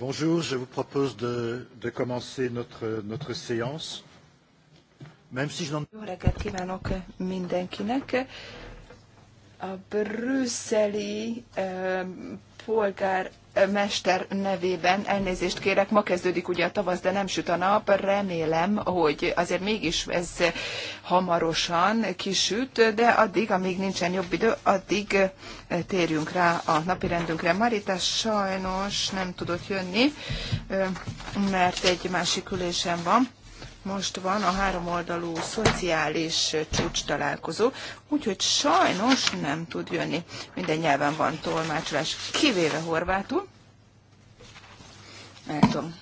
Bonjour, je vous propose de, de commencer notre, notre séance. Même si je n'en... Jó reggelt kívánok mindenkinek a brüsszeli polgár mester nevében elnézést kérek, ma kezdődik ugye a tavasz, de nem süt a nap. Remélem, hogy azért mégis ez hamarosan kisüt, de addig, amíg nincsen jobb idő, addig térjünk rá a napirendünkre. Marita sajnos nem tudott jönni, mert egy másik ülésen van most van a háromoldalú szociális csúcs találkozó, úgyhogy sajnos nem tud jönni. Minden nyelven van tolmácsolás, kivéve horvátul. El tudom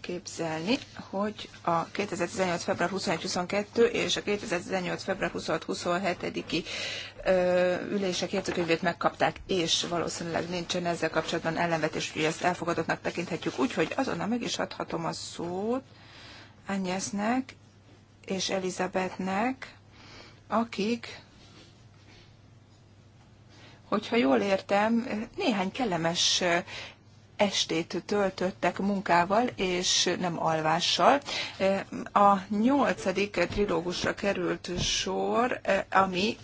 képzelni, hogy a 2018. február 21-22 és a 2018. február 26-27-i ülések értőkönyvét megkapták, és valószínűleg nincsen ezzel kapcsolatban ellenvetés, úgyhogy ezt elfogadottnak tekinthetjük. Úgyhogy azonnal meg is adhatom a szót Agnesnek és Elizabethnek, akik, hogyha jól értem, néhány kellemes estét töltöttek munkával és nem alvással. A nyolcadik trilógusra került sor, ami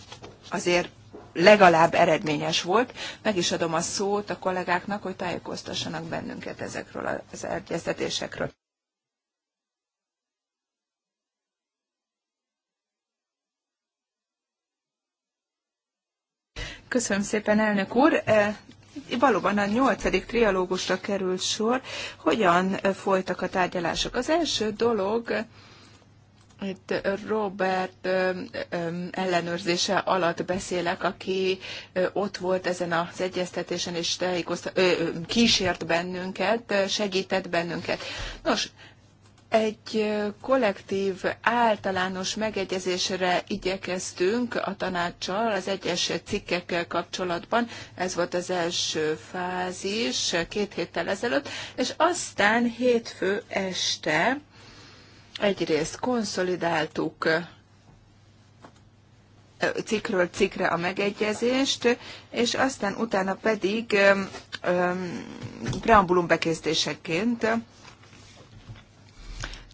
azért legalább eredményes volt. Meg is adom a szót a kollégáknak, hogy tájékoztassanak bennünket ezekről az egyeztetésekről. Köszönöm szépen, elnök úr. E, valóban a nyolcadik trialógusra került sor. Hogyan e, folytak a tárgyalások? Az első dolog, itt Robert e, ellenőrzése alatt beszélek, aki ott volt ezen az egyeztetésen, és kísért bennünket, segített bennünket. Nos, egy kollektív általános megegyezésre igyekeztünk a tanácssal az egyes cikkekkel kapcsolatban. Ez volt az első fázis két héttel ezelőtt, és aztán hétfő este egyrészt konszolidáltuk cikről cikre a megegyezést, és aztán utána pedig preambulum bekezdéseként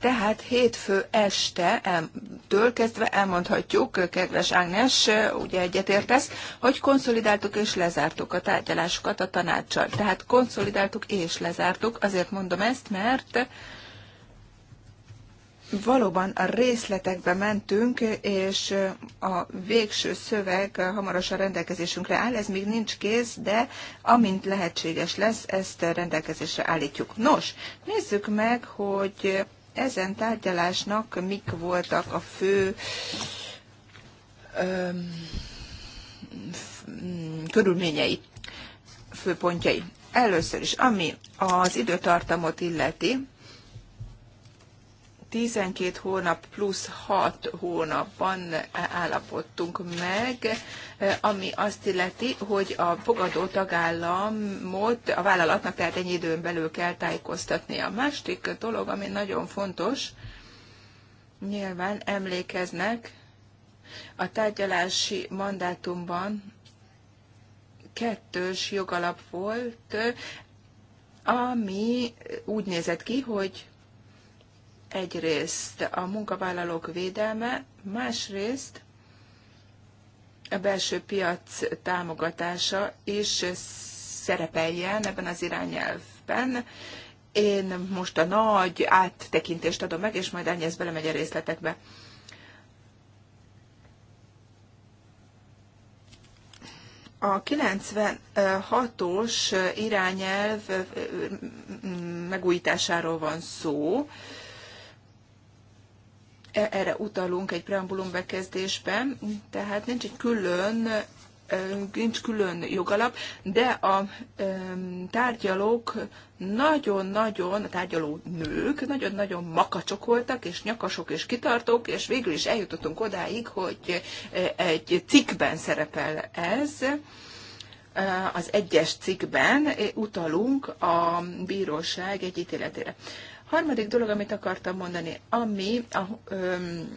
tehát hétfő este től kezdve elmondhatjuk, kedves Ágnes, ugye egyetértesz, hogy konszolidáltuk és lezártuk a tárgyalásokat a tanácssal. Tehát konszolidáltuk és lezártuk, azért mondom ezt, mert valóban a részletekbe mentünk, és a végső szöveg hamarosan rendelkezésünkre áll, ez még nincs kész, de amint lehetséges lesz, ezt rendelkezésre állítjuk. Nos, nézzük meg, hogy ezen tárgyalásnak mik voltak a fő öm, f, mm, körülményei, főpontjai. Először is, ami az időtartamot illeti, 12 hónap plusz 6 hónapban állapodtunk meg, ami azt illeti, hogy a fogadó tagállamot a vállalatnak tehát ennyi időn belül kell tájékoztatni. A másik dolog, ami nagyon fontos, nyilván emlékeznek, a tárgyalási mandátumban kettős jogalap volt, ami úgy nézett ki, hogy egyrészt a munkavállalók védelme, másrészt a belső piac támogatása is szerepeljen ebben az irányelvben. Én most a nagy áttekintést adom meg, és majd ez belemegy a részletekbe. A 96-os irányelv megújításáról van szó, E, erre utalunk egy preambulum bekezdésben, tehát nincs egy külön e, nincs külön jogalap, de a e, tárgyalók nagyon-nagyon, a tárgyaló nők nagyon-nagyon makacsok voltak, és nyakasok, és kitartók, és végül is eljutottunk odáig, hogy egy cikkben szerepel ez, az egyes cikkben utalunk a bíróság egy ítéletére. Harmadik dolog, amit akartam mondani, ami a öm,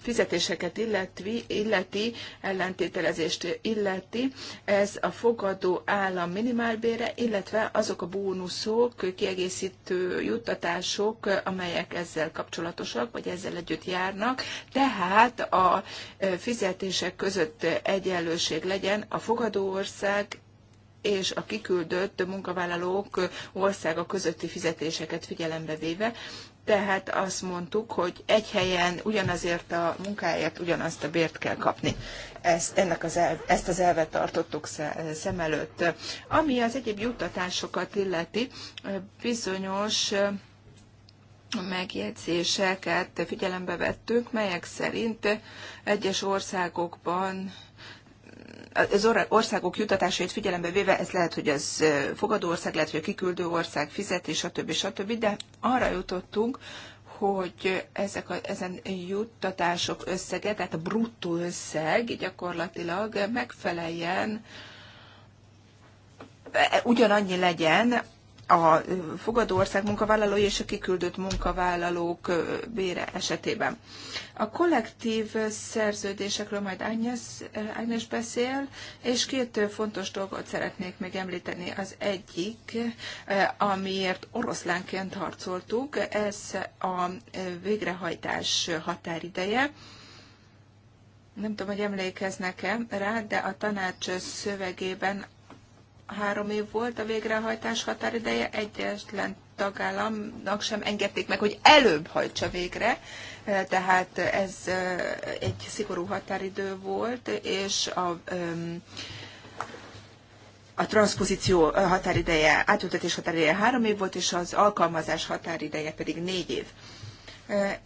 fizetéseket illeti, illeti, ellentételezést illeti, ez a fogadó állam minimálbére, illetve azok a bónuszok, kiegészítő juttatások, amelyek ezzel kapcsolatosak, vagy ezzel együtt járnak, tehát a fizetések között egyenlőség legyen a fogadó ország és a kiküldött munkavállalók országa közötti fizetéseket figyelembe véve. Tehát azt mondtuk, hogy egy helyen ugyanazért a munkáért ugyanazt a bért kell kapni. Ezt, ennek az el, ezt az elvet tartottuk szem előtt. Ami az egyéb juttatásokat illeti, bizonyos megjegyzéseket figyelembe vettünk, melyek szerint egyes országokban az országok jutatásait figyelembe véve, ez lehet, hogy ez fogadó ország, lehet, hogy a kiküldő ország és stb. stb. De arra jutottunk, hogy ezek a, ezen juttatások összege, tehát a bruttó összeg gyakorlatilag megfeleljen, e, ugyanannyi legyen a fogadóország munkavállalói és a kiküldött munkavállalók bére esetében. A kollektív szerződésekről majd Ágnes, Ágnes beszél, és két fontos dolgot szeretnék még említeni. Az egyik, amiért oroszlánként harcoltuk, ez a végrehajtás határideje. Nem tudom, hogy emlékeznek-e rá, de a tanács szövegében három év volt a végrehajtás határideje, egyetlen tagállamnak sem engedték meg, hogy előbb hajtsa végre, tehát ez egy szigorú határidő volt, és a, a transzpozíció határideje, átültetés határideje három év volt, és az alkalmazás határideje pedig négy év.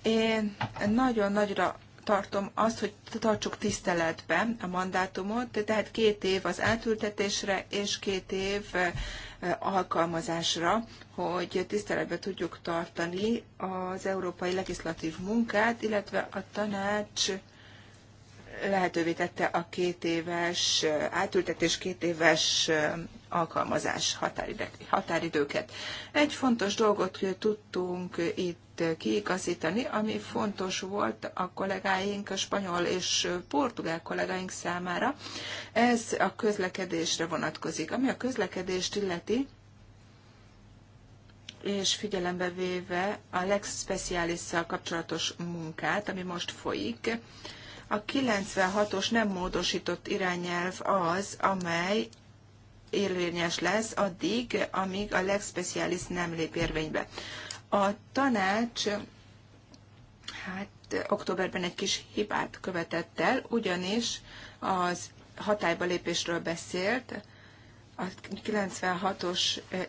Én nagyon nagyra tartom azt, hogy tartsuk tiszteletbe a mandátumot, tehát két év az átültetésre és két év alkalmazásra, hogy tiszteletbe tudjuk tartani az európai legislatív munkát, illetve a tanács lehetővé tette a két éves átültetés, két éves alkalmazás határidőket. Egy fontos dolgot tudtunk itt kiigazítani, ami fontos volt a kollégáink, a spanyol és portugál kollégáink számára. Ez a közlekedésre vonatkozik. Ami a közlekedést illeti, és figyelembe véve a legspeciálisszal kapcsolatos munkát, ami most folyik, a 96-os nem módosított irányelv az, amely érvényes lesz addig, amíg a legspecialis nem lép érvénybe. A tanács hát októberben egy kis hibát követett el, ugyanis az hatályba lépésről beszélt, a 96-os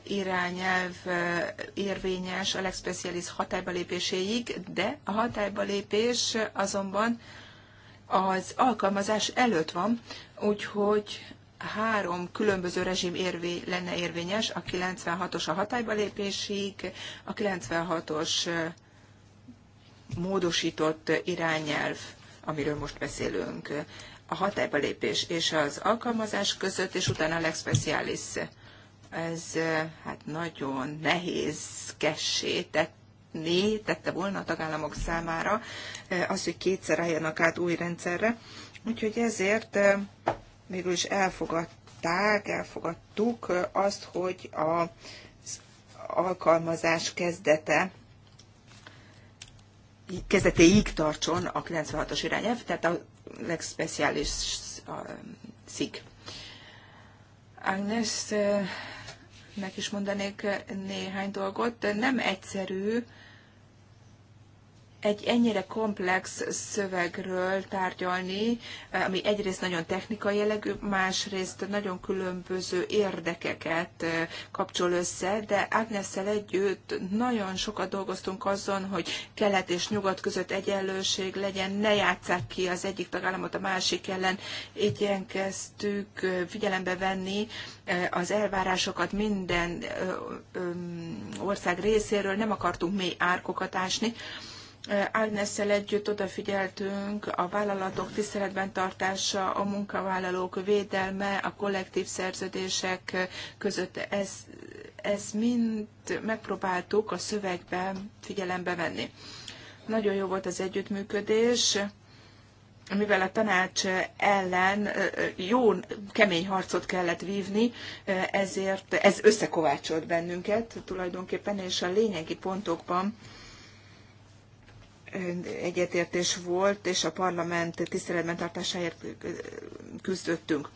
irányelv érvényes a legspecialis hatályba lépéséig, de a hatályba lépés azonban az alkalmazás előtt van, úgyhogy három különböző rezsim érvé, lenne érvényes, a 96-os a hatályba lépésig, a 96-os módosított irányelv, amiről most beszélünk, a hatályba lépés és az alkalmazás között, és utána a Specialis. Ez hát nagyon nehéz kessé tett né tette volna a tagállamok számára eh, az, hogy kétszer álljanak át új rendszerre. Úgyhogy ezért mégis eh, is elfogadták, elfogadtuk eh, azt, hogy a alkalmazás kezdete kezdetéig tartson a 96-os irányelv, tehát a legspeciális szik. meg is mondanék néhány dolgot. Nem egyszerű egy ennyire komplex szövegről tárgyalni, ami egyrészt nagyon technikai jellegű, másrészt nagyon különböző érdekeket eh, kapcsol össze, de Ágnesszel együtt nagyon sokat dolgoztunk azon, hogy kelet és nyugat között egyenlőség legyen, ne játsszák ki az egyik tagállamot a másik ellen. Igyekeztük eh, figyelembe venni eh, az elvárásokat minden ország részéről, nem akartunk mély árkokat ásni, Ágnesszel eh, együtt odafigyeltünk a vállalatok tiszteletben tartása, a munkavállalók védelme, a kollektív szerződések között. Ez, ez mind megpróbáltuk a szövegbe figyelembe venni. Nagyon jó volt az együttműködés, mivel a tanács ellen eh, jó kemény harcot kellett vívni, eh, ezért ez összekovácsolt bennünket tulajdonképpen, és a lényegi pontokban egyetértés volt, és a parlament tiszteletben tartásáért küzdöttünk.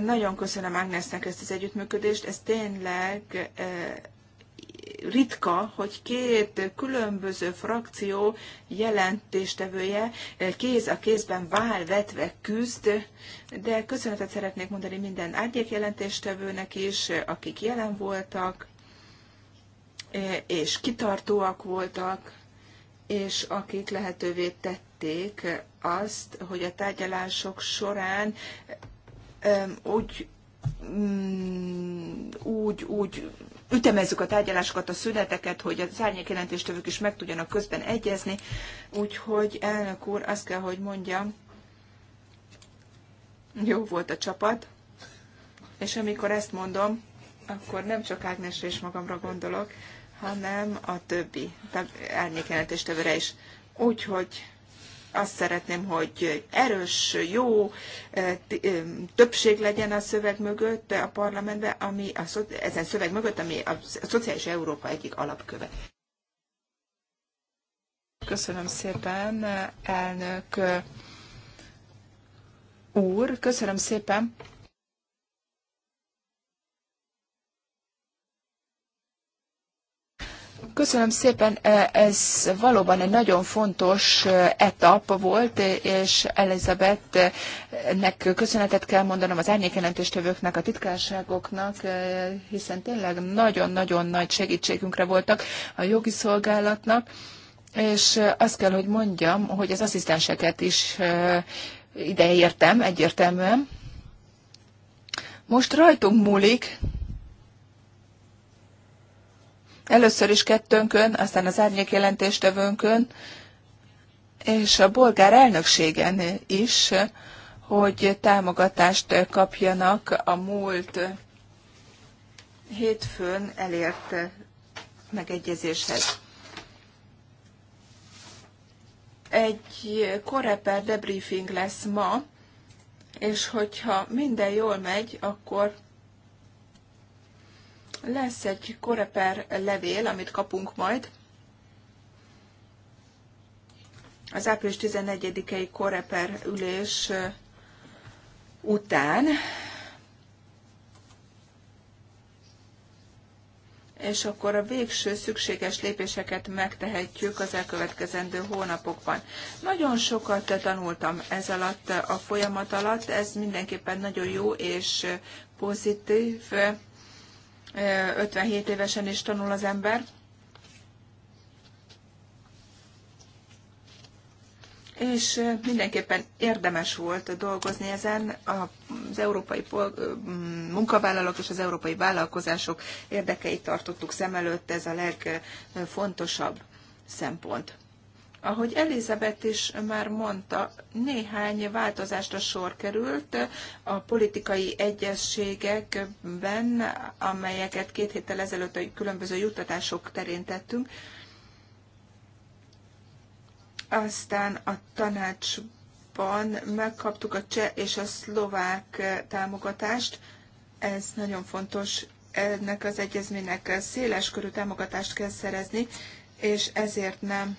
Nagyon köszönöm Ágnesnek ezt az együttműködést, ez tényleg ritka, hogy két különböző frakció jelentéstevője kéz a kézben vál vetve küzd, de köszönetet szeretnék mondani minden árnyék jelentéstevőnek is, akik jelen voltak, és kitartóak voltak, és akik lehetővé tették azt, hogy a tárgyalások során úgy, mm, úgy, úgy ütemezzük a tárgyalásokat, a szüneteket, hogy a árnyék jelentéstövők is meg tudjanak közben egyezni. Úgyhogy elnök úr, azt kell, hogy mondjam, jó volt a csapat, és amikor ezt mondom, akkor nem csak Ágnesre és magamra gondolok, hanem a többi többre is. Úgyhogy azt szeretném, hogy erős, jó eh, eh, többség legyen a szöveg mögött eh, a parlamentben, ami a, ezen szöveg mögött, ami a szociális Európa egyik alapköve. Köszönöm szépen, elnök úr, köszönöm szépen. Köszönöm szépen, e, ez valóban egy nagyon fontos e, etap volt, e, és Elizabethnek köszönetet kell mondanom az árnyékjelentéstövőknek, a titkárságoknak, hiszen tényleg nagyon-nagyon nagy segítségünkre voltak a jogi szolgálatnak, és azt kell, hogy mondjam, hogy az asszisztenseket is ide értem egyértelműen. Most rajtunk múlik, Először is kettőnkön, aztán az árnyék jelentéstevőnkön, és a bolgár elnökségen is, hogy támogatást kapjanak a múlt hétfőn elért megegyezéshez. Egy korreper debriefing lesz ma, és hogyha minden jól megy, akkor lesz egy koreper levél, amit kapunk majd. Az április 14-i koreper ülés után, és akkor a végső szükséges lépéseket megtehetjük az elkövetkezendő hónapokban. Nagyon sokat tanultam ez alatt a folyamat alatt, ez mindenképpen nagyon jó és pozitív 57 évesen is tanul az ember. És mindenképpen érdemes volt dolgozni ezen az európai munkavállalók és az európai vállalkozások érdekeit tartottuk szem előtt, ez a legfontosabb szempont. Ahogy Elizabeth is már mondta, néhány változásra sor került a politikai egyességekben, amelyeket két héttel ezelőtt a különböző juttatások terén tettünk. Aztán a tanácsban megkaptuk a cseh és a szlovák támogatást. Ez nagyon fontos ennek az egyezménynek széles körű támogatást kell szerezni, és ezért nem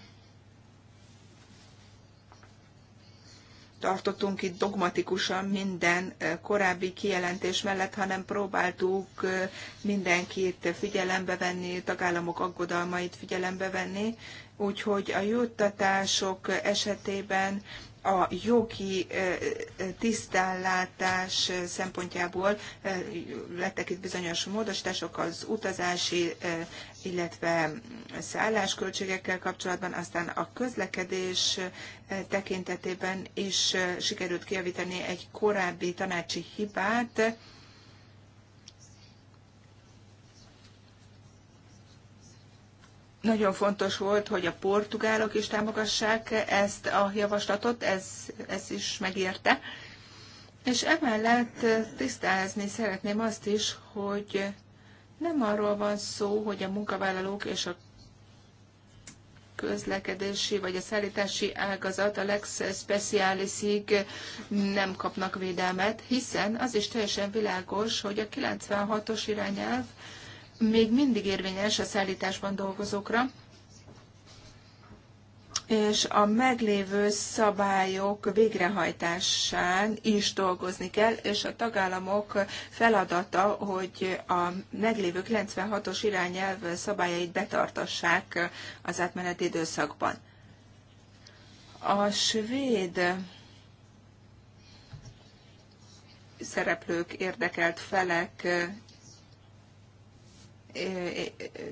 tartottunk itt dogmatikusan minden korábbi kijelentés mellett, hanem próbáltuk mindenkit figyelembe venni, tagállamok aggodalmait figyelembe venni, úgyhogy a juttatások esetében a jogi tisztállátás szempontjából lettek itt bizonyos módosítások az utazási, illetve szállásköltségekkel kapcsolatban, aztán a közlekedés tekintetében is sikerült kiavítani egy korábbi tanácsi hibát, Nagyon fontos volt, hogy a portugálok is támogassák ezt a javaslatot, ez, ez is megérte. És emellett tisztázni szeretném azt is, hogy nem arról van szó, hogy a munkavállalók és a közlekedési vagy a szállítási ágazat a Lex Specialisig nem kapnak védelmet, hiszen az is teljesen világos, hogy a 96-os irányelv még mindig érvényes a szállításban dolgozókra, és a meglévő szabályok végrehajtásán is dolgozni kell, és a tagállamok feladata, hogy a meglévő 96-os irányelv szabályait betartassák az átmeneti időszakban. A svéd szereplők, érdekelt felek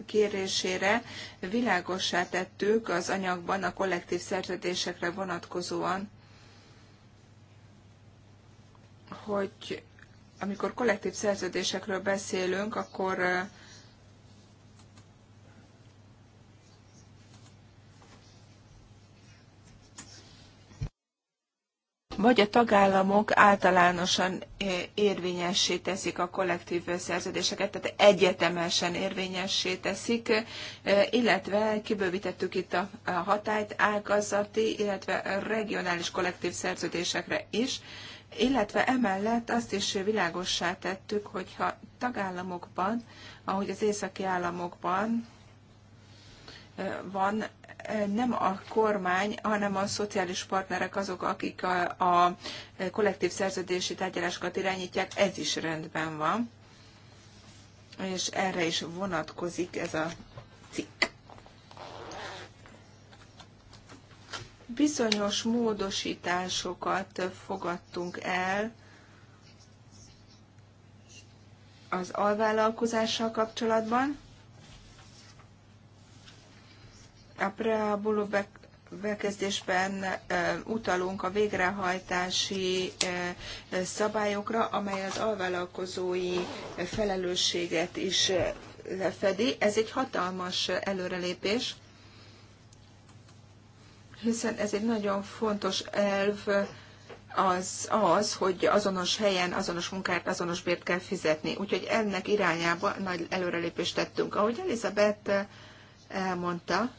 kérésére világossá tettük az anyagban a kollektív szerződésekre vonatkozóan, hogy amikor kollektív szerződésekről beszélünk, akkor vagy a tagállamok általánosan eh, érvényessé teszik a kollektív szerződéseket, tehát egyetemesen érvényessé teszik, eh, illetve kibővítettük itt a hatályt ágazati, illetve regionális kollektív szerződésekre is, illetve emellett azt is világossá tettük, hogyha tagállamokban, ahogy az északi államokban eh, van nem a kormány, hanem a szociális partnerek azok, akik a, a kollektív szerződési tárgyalásokat irányítják, ez is rendben van. És erre is vonatkozik ez a cikk. Bizonyos módosításokat fogadtunk el az alvállalkozással kapcsolatban A preambuló bekezdésben utalunk a végrehajtási szabályokra, amely az alvállalkozói felelősséget is lefedi. Ez egy hatalmas előrelépés, hiszen ez egy nagyon fontos elv, az az, hogy azonos helyen azonos munkát, azonos bért kell fizetni. Úgyhogy ennek irányába nagy előrelépést tettünk. Ahogy Elizabeth elmondta,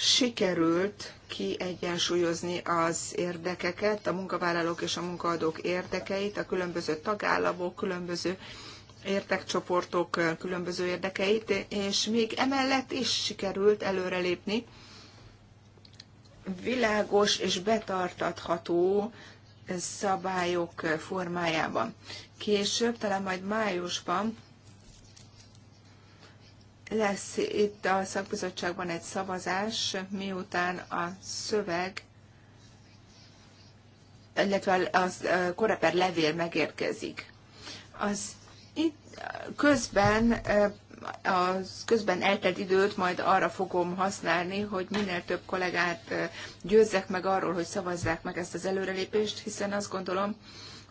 sikerült kiegyensúlyozni az érdekeket, a munkavállalók és a munkaadók érdekeit, a különböző tagállamok, különböző érdekcsoportok eh, különböző érdekeit, és még emellett is sikerült előrelépni világos és betartatható szabályok eh, formájában. Később, talán majd májusban lesz itt a szakbizottságban egy szavazás, miután a szöveg, illetve a koreper levél megérkezik. Az itt közben eh, az közben eltelt időt majd arra fogom használni, hogy minél több kollégát eh, győzzek meg arról, hogy szavazzák meg ezt az előrelépést, hiszen azt gondolom,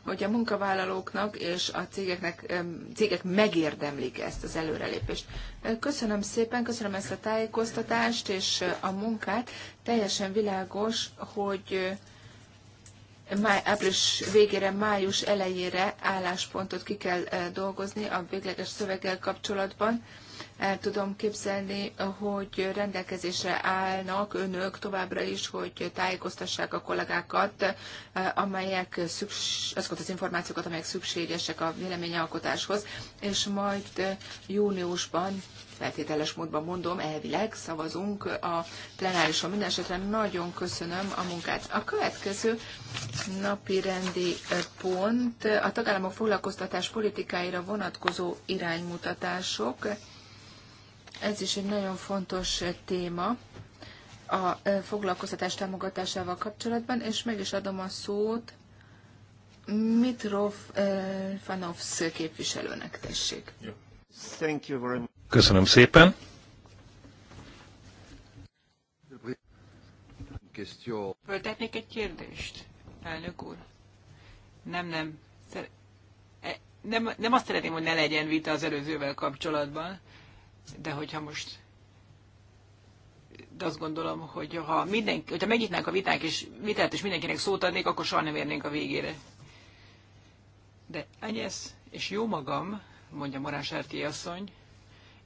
hogy a munkavállalóknak és a cégeknek, cégek megérdemlik ezt az előrelépést. Köszönöm szépen, köszönöm ezt a tájékoztatást és a munkát. Teljesen világos, hogy máj, április végére, május elejére álláspontot ki kell eh, dolgozni a végleges szöveggel kapcsolatban el tudom képzelni, hogy rendelkezésre állnak önök továbbra is, hogy tájékoztassák a kollégákat, eh, amelyek szükség, azokat az információkat, amelyek szükségesek a véleményalkotáshoz, és majd eh, júniusban feltételes módban mondom, elvileg szavazunk a plenárison. Mindenesetre nagyon köszönöm a munkát. A következő napi rendi eh, pont a tagállamok foglalkoztatás politikáira vonatkozó iránymutatások. Ez is egy nagyon fontos téma a foglalkoztatás támogatásával kapcsolatban, és meg is adom a szót Mitrov Fanovsz képviselőnek, tessék. Köszönöm szépen. Föltetnék egy kérdést, elnök úr. Nem, nem. E, nem, nem azt szeretném, hogy ne legyen vita az előzővel kapcsolatban, de hogyha most de azt gondolom, hogy ha, mindenki, hogyha megnyitnánk a vitánk és vitát, és mindenkinek szót adnék, akkor soha nem érnénk a végére. De Enyesz és jó magam, mondja Morán Serti asszony,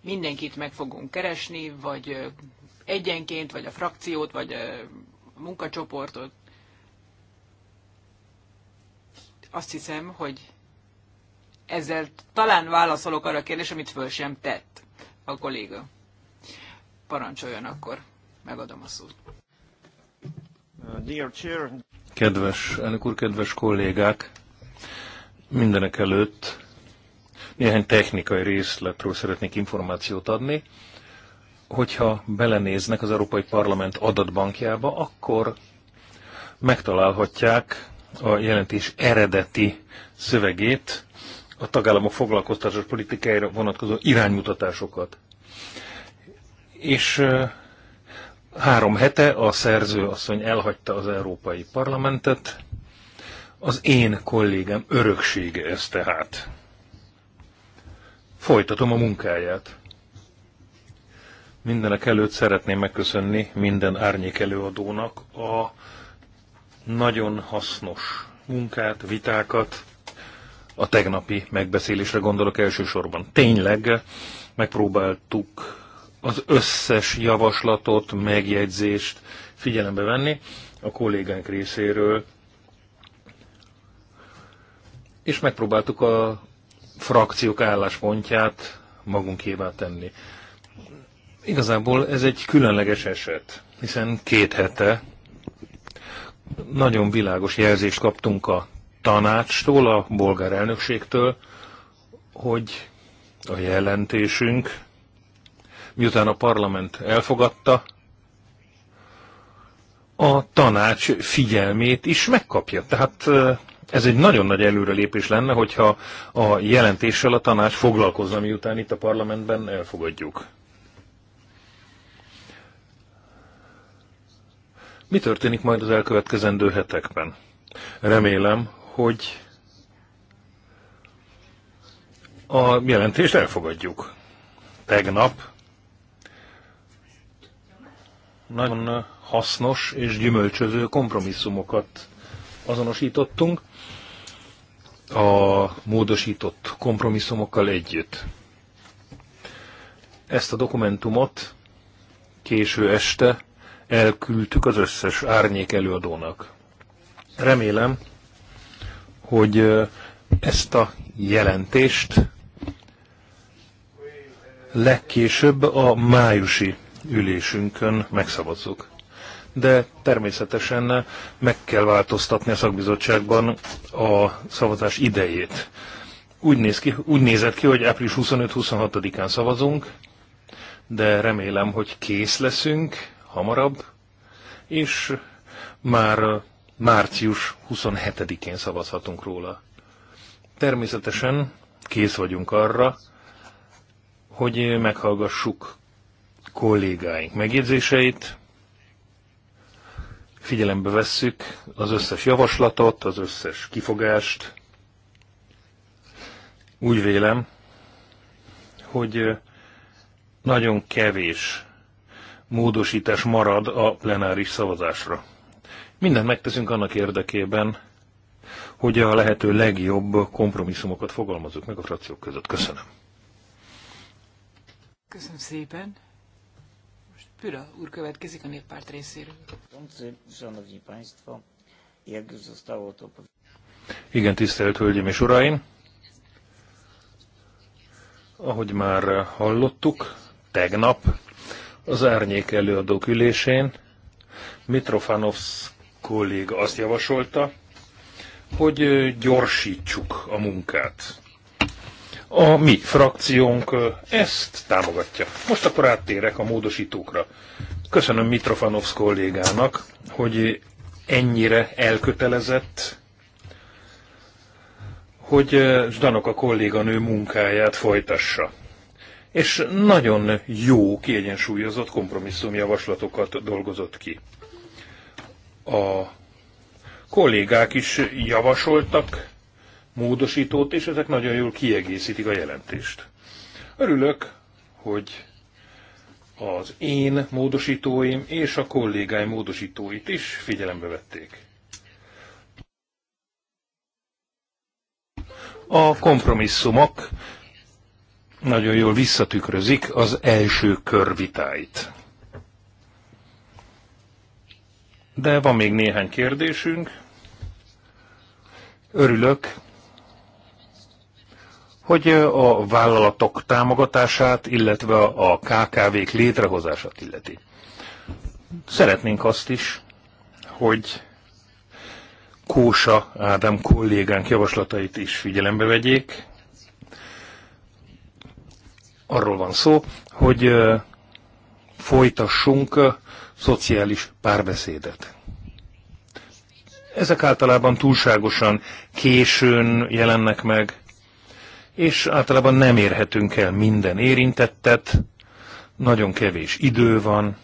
mindenkit meg fogunk keresni, vagy egyenként, vagy a frakciót, vagy a munkacsoportot. Azt hiszem, hogy ezzel talán válaszolok arra a kérdésre, amit föl sem tett a kolléga. Parancsoljon akkor, megadom a szót. Kedves elnök úr, kedves kollégák! Mindenek előtt néhány technikai részletről szeretnék információt adni. Hogyha belenéznek az Európai Parlament adatbankjába, akkor megtalálhatják a jelentés eredeti szövegét, a tagállamok foglalkoztatás politikájára vonatkozó iránymutatásokat. És három hete a szerző asszony elhagyta az Európai Parlamentet. Az én kollégám öröksége ez tehát. Folytatom a munkáját. Mindenek előtt szeretném megköszönni minden árnyék előadónak a nagyon hasznos munkát, vitákat, a tegnapi megbeszélésre gondolok elsősorban. Tényleg megpróbáltuk az összes javaslatot, megjegyzést figyelembe venni a kollégánk részéről, és megpróbáltuk a frakciók álláspontját magunkévá tenni. Igazából ez egy különleges eset, hiszen két hete nagyon világos jelzést kaptunk a tanácstól, a bolgár elnökségtől, hogy a jelentésünk, miután a parlament elfogadta, a tanács figyelmét is megkapja. Tehát ez egy nagyon nagy előrelépés lenne, hogyha a jelentéssel a tanács foglalkozna, miután itt a parlamentben elfogadjuk. Mi történik majd az elkövetkezendő hetekben? Remélem, hogy a jelentést elfogadjuk. Tegnap nagyon hasznos és gyümölcsöző kompromisszumokat azonosítottunk a módosított kompromisszumokkal együtt. Ezt a dokumentumot késő este elküldtük az összes árnyék előadónak. Remélem, hogy ezt a jelentést legkésőbb a májusi ülésünkön megszavazzuk. De természetesen meg kell változtatni a szakbizottságban a szavazás idejét. Úgy, néz ki, úgy nézett ki, hogy április 25-26-án szavazunk, de remélem, hogy kész leszünk hamarabb, és már március 27-én szavazhatunk róla. Természetesen kész vagyunk arra, hogy meghallgassuk kollégáink megjegyzéseit, figyelembe vesszük az összes javaslatot, az összes kifogást. Úgy vélem, hogy nagyon kevés módosítás marad a plenáris szavazásra. Mindent megteszünk annak érdekében, hogy a lehető legjobb kompromisszumokat fogalmazunk meg a frakciók között. Köszönöm. Köszönöm szépen. Most Püra úr következik a néppárt részéről. Igen, tisztelt Hölgyeim és Uraim! Ahogy már hallottuk, tegnap az árnyék előadók ülésén Mitrofanovsz kolléga azt javasolta, hogy gyorsítsuk a munkát. A mi frakciónk ezt támogatja. Most akkor áttérek a módosítókra. Köszönöm Mitrofanovsz kollégának, hogy ennyire elkötelezett, hogy Zdanok a kolléganő munkáját folytassa. És nagyon jó, kiegyensúlyozott kompromisszumjavaslatokat dolgozott ki. A kollégák is javasoltak módosítót, és ezek nagyon jól kiegészítik a jelentést. Örülök, hogy az én módosítóim és a kollégáim módosítóit is figyelembe vették. A kompromisszumok nagyon jól visszatükrözik az első kör vitáit. de van még néhány kérdésünk. Örülök, hogy a vállalatok támogatását, illetve a KKV-k létrehozását illeti. Szeretnénk azt is, hogy Kósa Ádám kollégánk javaslatait is figyelembe vegyék. Arról van szó, hogy folytassunk szociális párbeszédet. Ezek általában túlságosan későn jelennek meg, és általában nem érhetünk el minden érintettet, nagyon kevés idő van,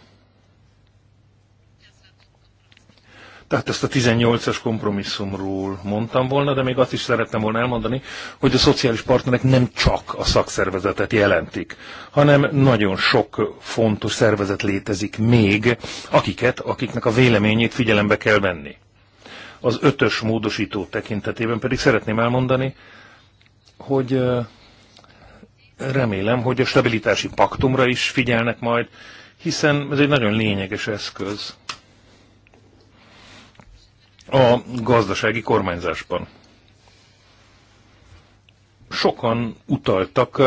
Tehát ezt a 18-as kompromisszumról mondtam volna, de még azt is szerettem volna elmondani, hogy a szociális partnerek nem csak a szakszervezetet jelentik, hanem nagyon sok fontos szervezet létezik még, akiket, akiknek a véleményét figyelembe kell venni. Az ötös módosító tekintetében pedig szeretném elmondani, hogy remélem, hogy a stabilitási paktumra is figyelnek majd, hiszen ez egy nagyon lényeges eszköz a gazdasági kormányzásban. Sokan utaltak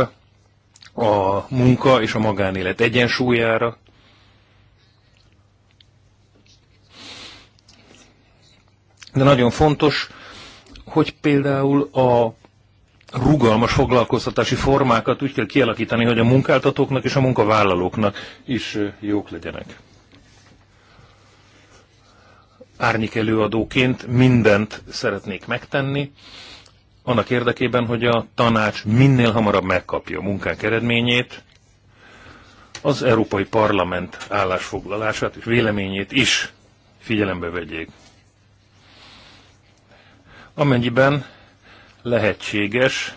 a munka és a magánélet egyensúlyára. De nagyon fontos, hogy például a rugalmas foglalkoztatási formákat úgy kell kialakítani, hogy a munkáltatóknak és a munkavállalóknak is jók legyenek árnyék előadóként mindent szeretnék megtenni, annak érdekében, hogy a tanács minél hamarabb megkapja a munkánk eredményét, az Európai Parlament állásfoglalását és véleményét is figyelembe vegyék. Amennyiben lehetséges,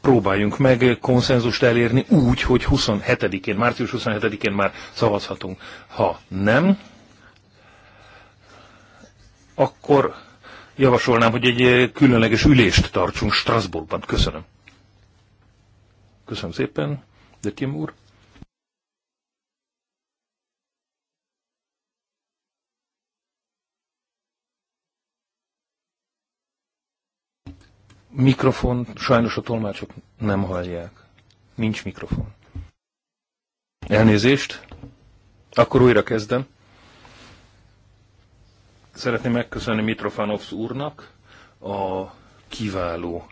próbáljunk meg konszenzust elérni úgy, hogy 27-én, március 27-én már szavazhatunk. Ha nem, akkor javasolnám, hogy egy különleges ülést tartsunk Strasbourgban. Köszönöm. Köszönöm szépen, Tim úr. Mikrofon, sajnos a tolmácsok nem hallják. Nincs mikrofon. Elnézést. Akkor újra kezdem. Szeretném megköszönni Mitrofanovs úrnak a kiváló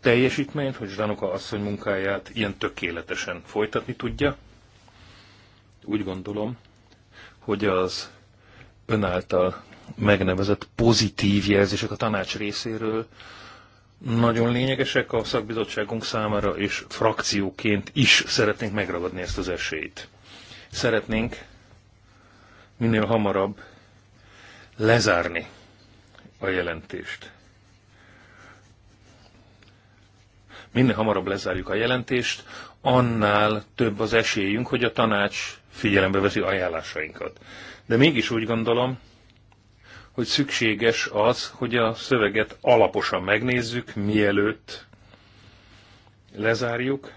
teljesítményt, hogy Zsdanuka asszony munkáját ilyen tökéletesen folytatni tudja. Úgy gondolom, hogy az önáltal megnevezett pozitív jelzések a tanács részéről nagyon lényegesek a szakbizottságunk számára, és frakcióként is szeretnénk megragadni ezt az esélyt. Szeretnénk minél hamarabb lezárni a jelentést. Minél hamarabb lezárjuk a jelentést, annál több az esélyünk, hogy a tanács figyelembe veszi ajánlásainkat. De mégis úgy gondolom, hogy szükséges az, hogy a szöveget alaposan megnézzük, mielőtt lezárjuk,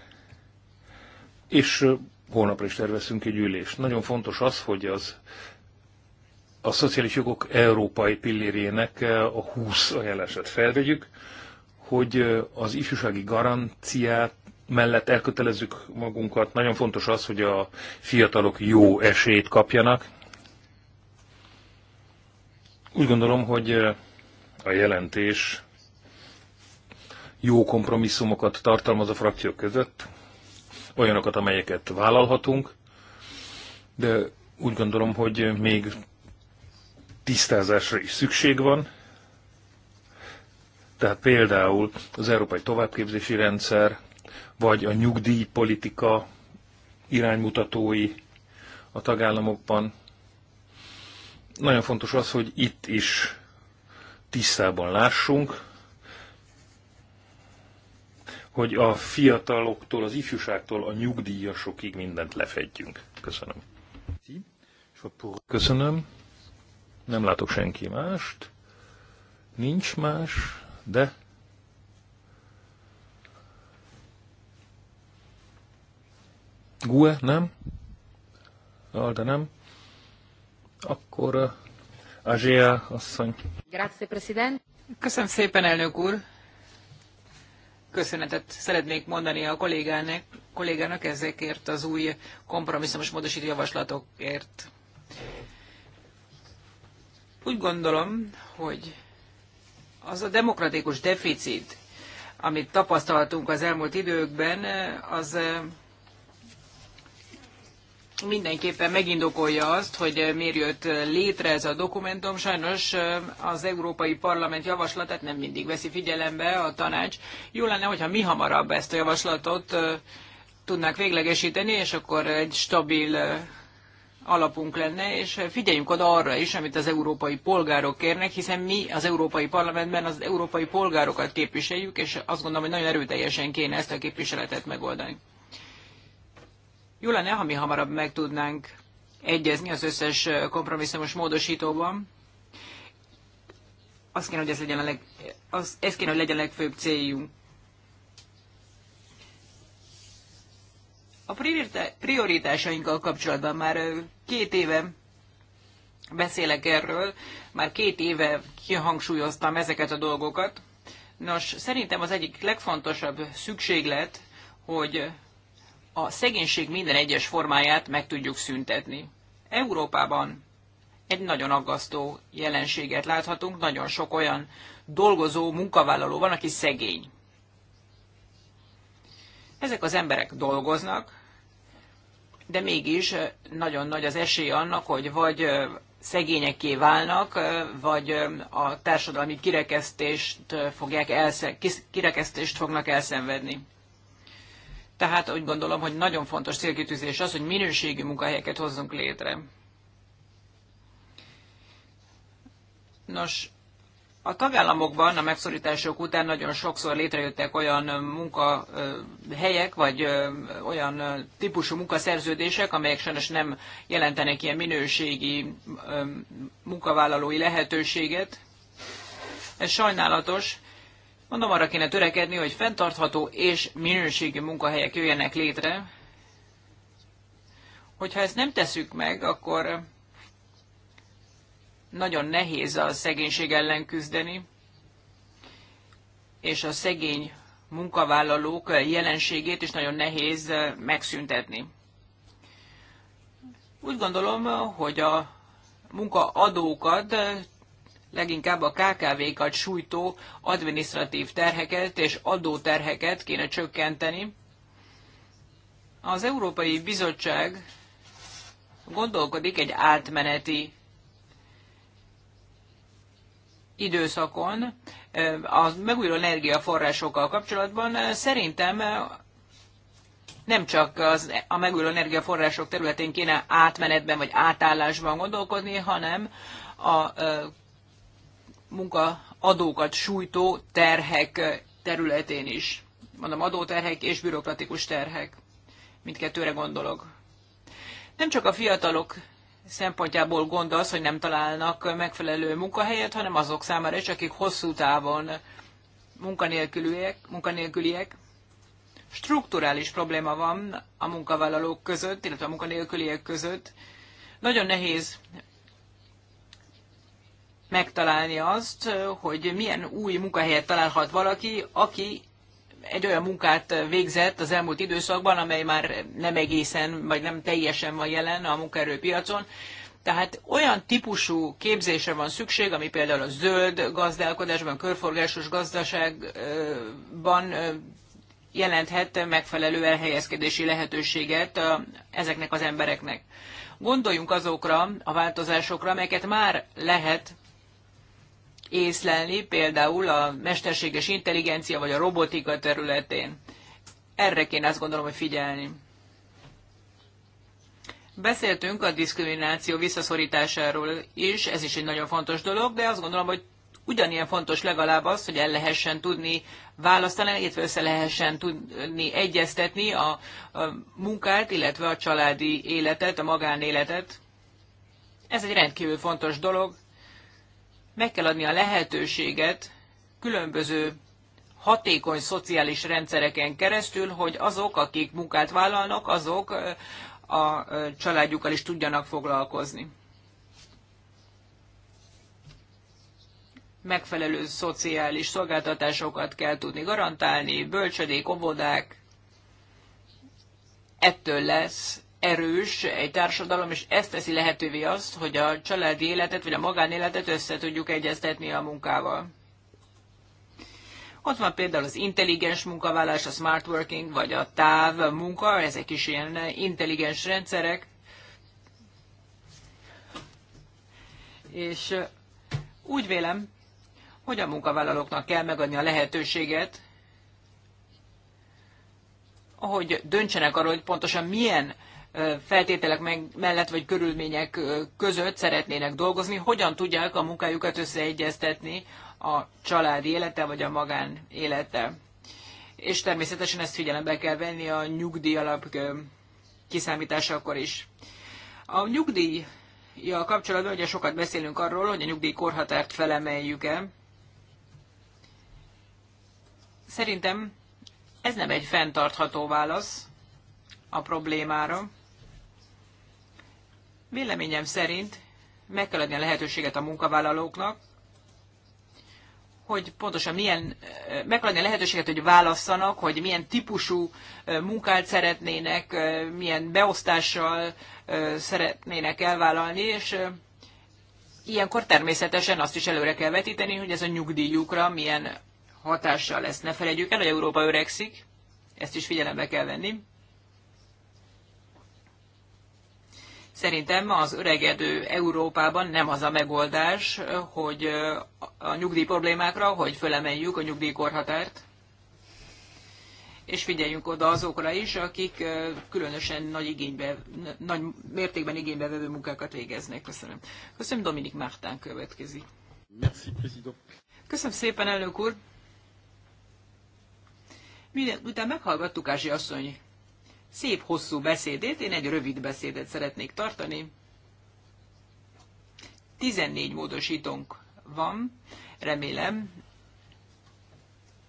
és holnapra is tervezünk egy ülést. Nagyon fontos az, hogy az a szociális jogok európai pillérének a 20 ajánlását felvegyük, hogy az ifjúsági garanciát mellett elkötelezzük magunkat. Nagyon fontos az, hogy a fiatalok jó esélyt kapjanak, úgy gondolom, hogy a jelentés jó kompromisszumokat tartalmaz a frakciók között, olyanokat, amelyeket vállalhatunk, de úgy gondolom, hogy még tisztázásra is szükség van. Tehát például az európai továbbképzési rendszer, vagy a nyugdíjpolitika iránymutatói a tagállamokban, nagyon fontos az, hogy itt is tisztában lássunk, hogy a fiataloktól, az ifjúságtól a nyugdíjasokig mindent lefedjünk. Köszönöm. Köszönöm. Nem látok senki mást. Nincs más, de... Gue, nem? Alda, nem? Akkor uh, Azsia asszony. Köszönöm szépen, elnök úr. Köszönetet szeretnék mondani a kollégának, kollégának ezekért az új kompromisszumos módosító javaslatokért. Úgy gondolom, hogy az a demokratikus deficit, amit tapasztaltunk az elmúlt időkben, az mindenképpen megindokolja azt, hogy eh, miért jött eh, létre ez a dokumentum. Sajnos eh, az Európai Parlament javaslatát nem mindig veszi figyelembe a tanács. Jó lenne, hogyha mi hamarabb ezt a javaslatot tudnák véglegesíteni, és akkor egy stabil alapunk lenne, és figyeljünk oda arra is, amit az európai polgárok kérnek, hiszen mi az Európai Parlamentben az európai polgárokat képviseljük, és azt gondolom, hogy nagyon erőteljesen kéne ezt a képviseletet megoldani. Jó lenne, ha mi hamarabb meg tudnánk egyezni az összes kompromisszumos módosítóban. Azt kéne, hogy ez legyen a, leg, az, ez kéne, hogy legyen a legfőbb céljunk. A prioritásainkkal kapcsolatban már két éve beszélek erről, már két éve kihangsúlyoztam ezeket a dolgokat. Nos, szerintem az egyik legfontosabb szükséglet, hogy a szegénység minden egyes formáját meg tudjuk szüntetni. Európában egy nagyon aggasztó jelenséget láthatunk, nagyon sok olyan dolgozó, munkavállaló van, aki szegény. Ezek az emberek dolgoznak, de mégis nagyon nagy az esély annak, hogy vagy szegényeké válnak, vagy a társadalmi kirekesztést, fogják elsze- kirekesztést fognak elszenvedni. Tehát úgy gondolom, hogy nagyon fontos célkitűzés az, hogy minőségi munkahelyeket hozzunk létre. Nos, a tagállamokban a megszorítások után nagyon sokszor létrejöttek olyan munkahelyek, vagy olyan típusú munkaszerződések, amelyek sajnos nem jelentenek ilyen minőségi munkavállalói lehetőséget. Ez sajnálatos, Mondom, arra kéne törekedni, hogy fenntartható és minőségi munkahelyek jöjjenek létre. Hogyha ezt nem tesszük meg, akkor nagyon nehéz a szegénység ellen küzdeni, és a szegény munkavállalók jelenségét is nagyon nehéz megszüntetni. Úgy gondolom, hogy a munkaadókat leginkább a KKV-kat sújtó adminisztratív terheket és adóterheket kéne csökkenteni. Az Európai Bizottság gondolkodik egy átmeneti időszakon a megújuló energiaforrásokkal kapcsolatban. Szerintem nem csak az, a megújuló energiaforrások területén kéne átmenetben vagy átállásban gondolkodni, hanem a munkaadókat sújtó terhek területén is. Mondom, adóterhek és bürokratikus terhek. Mindkettőre gondolok. Nem csak a fiatalok szempontjából gond az, hogy nem találnak megfelelő munkahelyet, hanem azok számára is, akik hosszú távon munkanélküliek, munkanélküliek. Strukturális probléma van a munkavállalók között, illetve a munkanélküliek között. Nagyon nehéz megtalálni azt, hogy milyen új munkahelyet találhat valaki, aki egy olyan munkát végzett az elmúlt időszakban, amely már nem egészen, vagy nem teljesen van jelen a munkaerőpiacon. Tehát olyan típusú képzésre van szükség, ami például a zöld gazdálkodásban, körforgásos gazdaságban jelenthet megfelelő elhelyezkedési lehetőséget ezeknek az embereknek. Gondoljunk azokra a változásokra, amelyeket már lehet észlelni, például a mesterséges intelligencia vagy a robotika területén. Erre kéne azt gondolom, hogy figyelni. Beszéltünk a diszkrimináció visszaszorításáról is, ez is egy nagyon fontos dolog, de azt gondolom, hogy ugyanilyen fontos legalább az, hogy el lehessen tudni választani, illetve össze lehessen tudni egyeztetni a, a munkát, illetve a családi életet, a magánéletet. Ez egy rendkívül fontos dolog, meg kell adni a lehetőséget különböző hatékony szociális rendszereken keresztül, hogy azok, akik munkát vállalnak, azok a családjukkal is tudjanak foglalkozni. Megfelelő szociális szolgáltatásokat kell tudni garantálni, bölcsödék, óvodák. Ettől lesz erős egy társadalom, és ezt teszi lehetővé azt, hogy a családi életet vagy a magánéletet össze tudjuk egyeztetni a munkával. Ott van például az intelligens munkavállás, a smart working, vagy a táv munka, ezek is ilyen intelligens rendszerek. És úgy vélem, hogy a munkavállalóknak kell megadni a lehetőséget, hogy döntsenek arról, hogy pontosan milyen feltételek meg, mellett vagy körülmények között szeretnének dolgozni, hogyan tudják a munkájukat összeegyeztetni a családi élete vagy a magán élete. És természetesen ezt figyelembe kell venni a nyugdíj alap kiszámításakor is. A nyugdíj Ja, kapcsolatban ugye sokat beszélünk arról, hogy a korhatárt felemeljük-e. Szerintem ez nem egy fenntartható válasz a problémára. Véleményem szerint meg kell adni a lehetőséget a munkavállalóknak, hogy pontosan milyen, meg kell adni a lehetőséget, hogy válasszanak, hogy milyen típusú munkát szeretnének, milyen beosztással szeretnének elvállalni, és ilyenkor természetesen azt is előre kell vetíteni, hogy ez a nyugdíjukra milyen hatással lesz. Ne felejtjük el, hogy Európa öregszik, ezt is figyelembe kell venni. Szerintem az öregedő Európában nem az a megoldás, hogy a nyugdíj problémákra, hogy fölemeljük a nyugdíjkorhatárt, és figyeljünk oda azokra is, akik különösen nagy, igénybe, nagy mértékben igénybe vevő munkákat végeznek. Köszönöm. Köszönöm, Dominik Mártán következik. Merci, président. Köszönöm szépen, elnök úr. Miután meghallgattuk Ázsi asszony szép hosszú beszédét, én egy rövid beszédet szeretnék tartani. 14 módosítónk van, remélem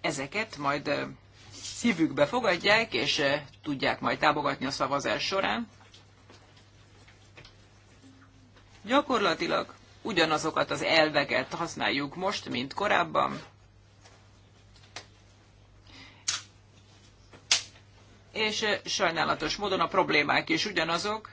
ezeket majd szívükbe fogadják, és tudják majd támogatni a szavazás során. Gyakorlatilag ugyanazokat az elveket használjuk most, mint korábban. és sajnálatos módon a problémák is ugyanazok.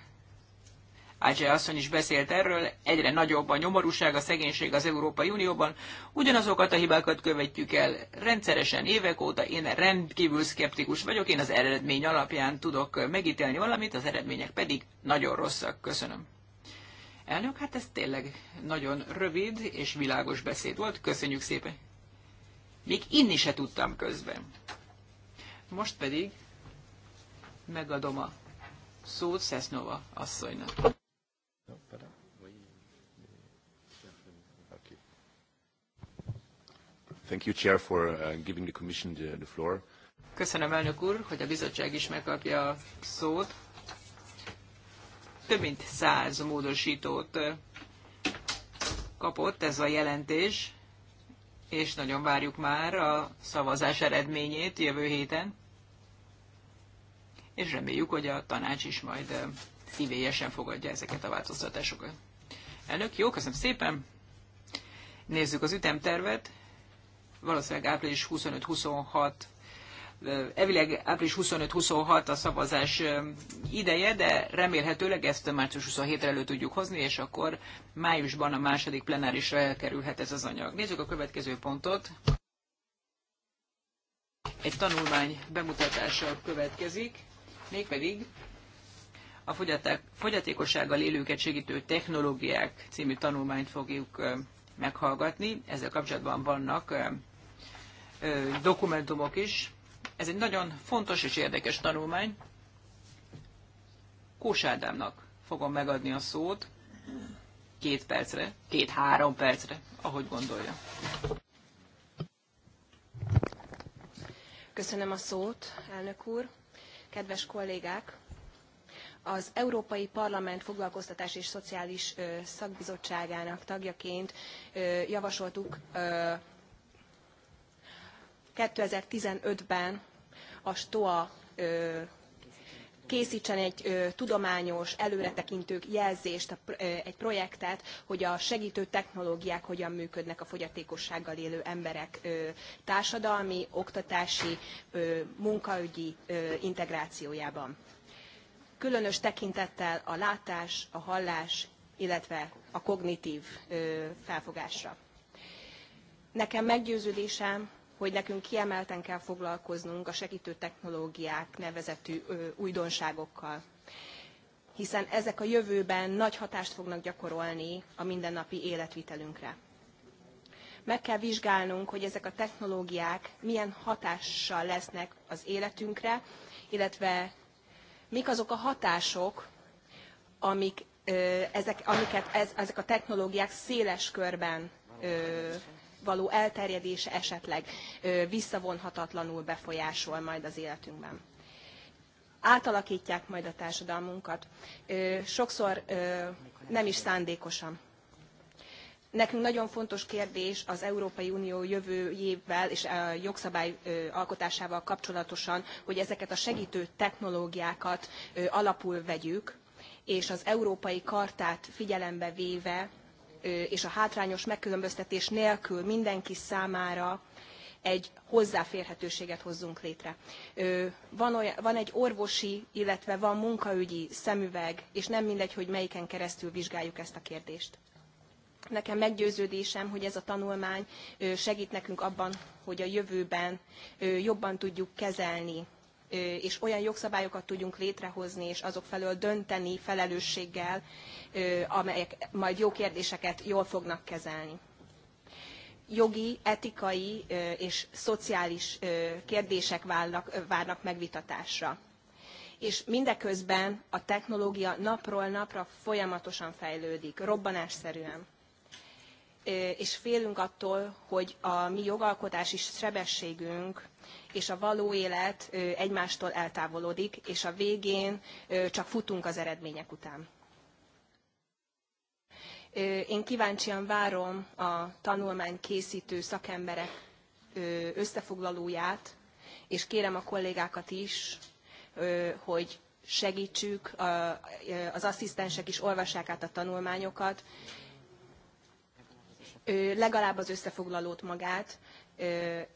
Ágyse asszony is beszélt erről, egyre nagyobb a nyomorúság, a szegénység az Európai Unióban. Ugyanazokat a hibákat követjük el rendszeresen évek óta. Én rendkívül szkeptikus vagyok, én az eredmény alapján tudok megítélni valamit, az eredmények pedig nagyon rosszak. Köszönöm. Elnök, hát ez tényleg nagyon rövid és világos beszéd volt. Köszönjük szépen. Még inni se tudtam közben. Most pedig megadom a szót Szesznova asszonynak. Thank you, Chair, for uh, giving the Commission the, the floor. Köszönöm, elnök úr, hogy a bizottság is megkapja a szót. Több mint száz módosítót uh, kapott ez a jelentés, és nagyon várjuk már a szavazás eredményét jövő héten és reméljük, hogy a tanács is majd szívélyesen fogadja ezeket a változtatásokat. Elnök, jó, köszönöm szépen! Nézzük az ütemtervet. Valószínűleg április 25-26 evileg április 25-26 a szavazás ideje, de remélhetőleg ezt március 27-re elő tudjuk hozni, és akkor májusban a második plenárisra elkerülhet ez az anyag. Nézzük a következő pontot. Egy tanulmány bemutatása következik mégpedig a fogyatékossággal élőket segítő technológiák című tanulmányt fogjuk meghallgatni. Ezzel kapcsolatban vannak dokumentumok is. Ez egy nagyon fontos és érdekes tanulmány. Kós Ádámnak fogom megadni a szót két percre, két-három percre, ahogy gondolja. Köszönöm a szót, elnök úr kedves kollégák! az Európai Parlament Foglalkoztatás és Szociális Szakbizottságának tagjaként javasoltuk 2015-ben a STOA készítsen egy tudományos, előretekintő jelzést, egy projektet, hogy a segítő technológiák hogyan működnek a fogyatékossággal élő emberek társadalmi, oktatási, munkaügyi integrációjában. Különös tekintettel a látás, a hallás, illetve a kognitív felfogásra. Nekem meggyőződésem, hogy nekünk kiemelten kell foglalkoznunk a segítő technológiák nevezetű újdonságokkal hiszen ezek a jövőben nagy hatást fognak gyakorolni a mindennapi életvitelünkre. Meg kell vizsgálnunk, hogy ezek a technológiák milyen hatással lesznek az életünkre, illetve mik azok a hatások, amik, ezek, amiket ez, ezek a technológiák széles körben ö, való elterjedése esetleg visszavonhatatlanul befolyásol majd az életünkben átalakítják majd a társadalmunkat, sokszor nem is szándékosan. Nekünk nagyon fontos kérdés az Európai Unió jövőjével és a jogszabály alkotásával kapcsolatosan, hogy ezeket a segítő technológiákat alapul vegyük, és az Európai Kartát figyelembe véve és a hátrányos megkülönböztetés nélkül mindenki számára egy hozzáférhetőséget hozzunk létre. Van, olyan, van egy orvosi, illetve van munkaügyi szemüveg, és nem mindegy, hogy melyiken keresztül vizsgáljuk ezt a kérdést. Nekem meggyőződésem, hogy ez a tanulmány segít nekünk abban, hogy a jövőben jobban tudjuk kezelni és olyan jogszabályokat tudjunk létrehozni, és azok felől dönteni felelősséggel, amelyek majd jó kérdéseket jól fognak kezelni jogi, etikai és szociális kérdések válnak, várnak megvitatásra. És mindeközben a technológia napról napra folyamatosan fejlődik, robbanásszerűen. És félünk attól, hogy a mi jogalkotási sebességünk és a való élet egymástól eltávolodik, és a végén csak futunk az eredmények után. Én kíváncsian várom a tanulmány készítő szakemberek összefoglalóját, és kérem a kollégákat is, hogy segítsük, az asszisztensek is olvassák át a tanulmányokat, legalább az összefoglalót magát,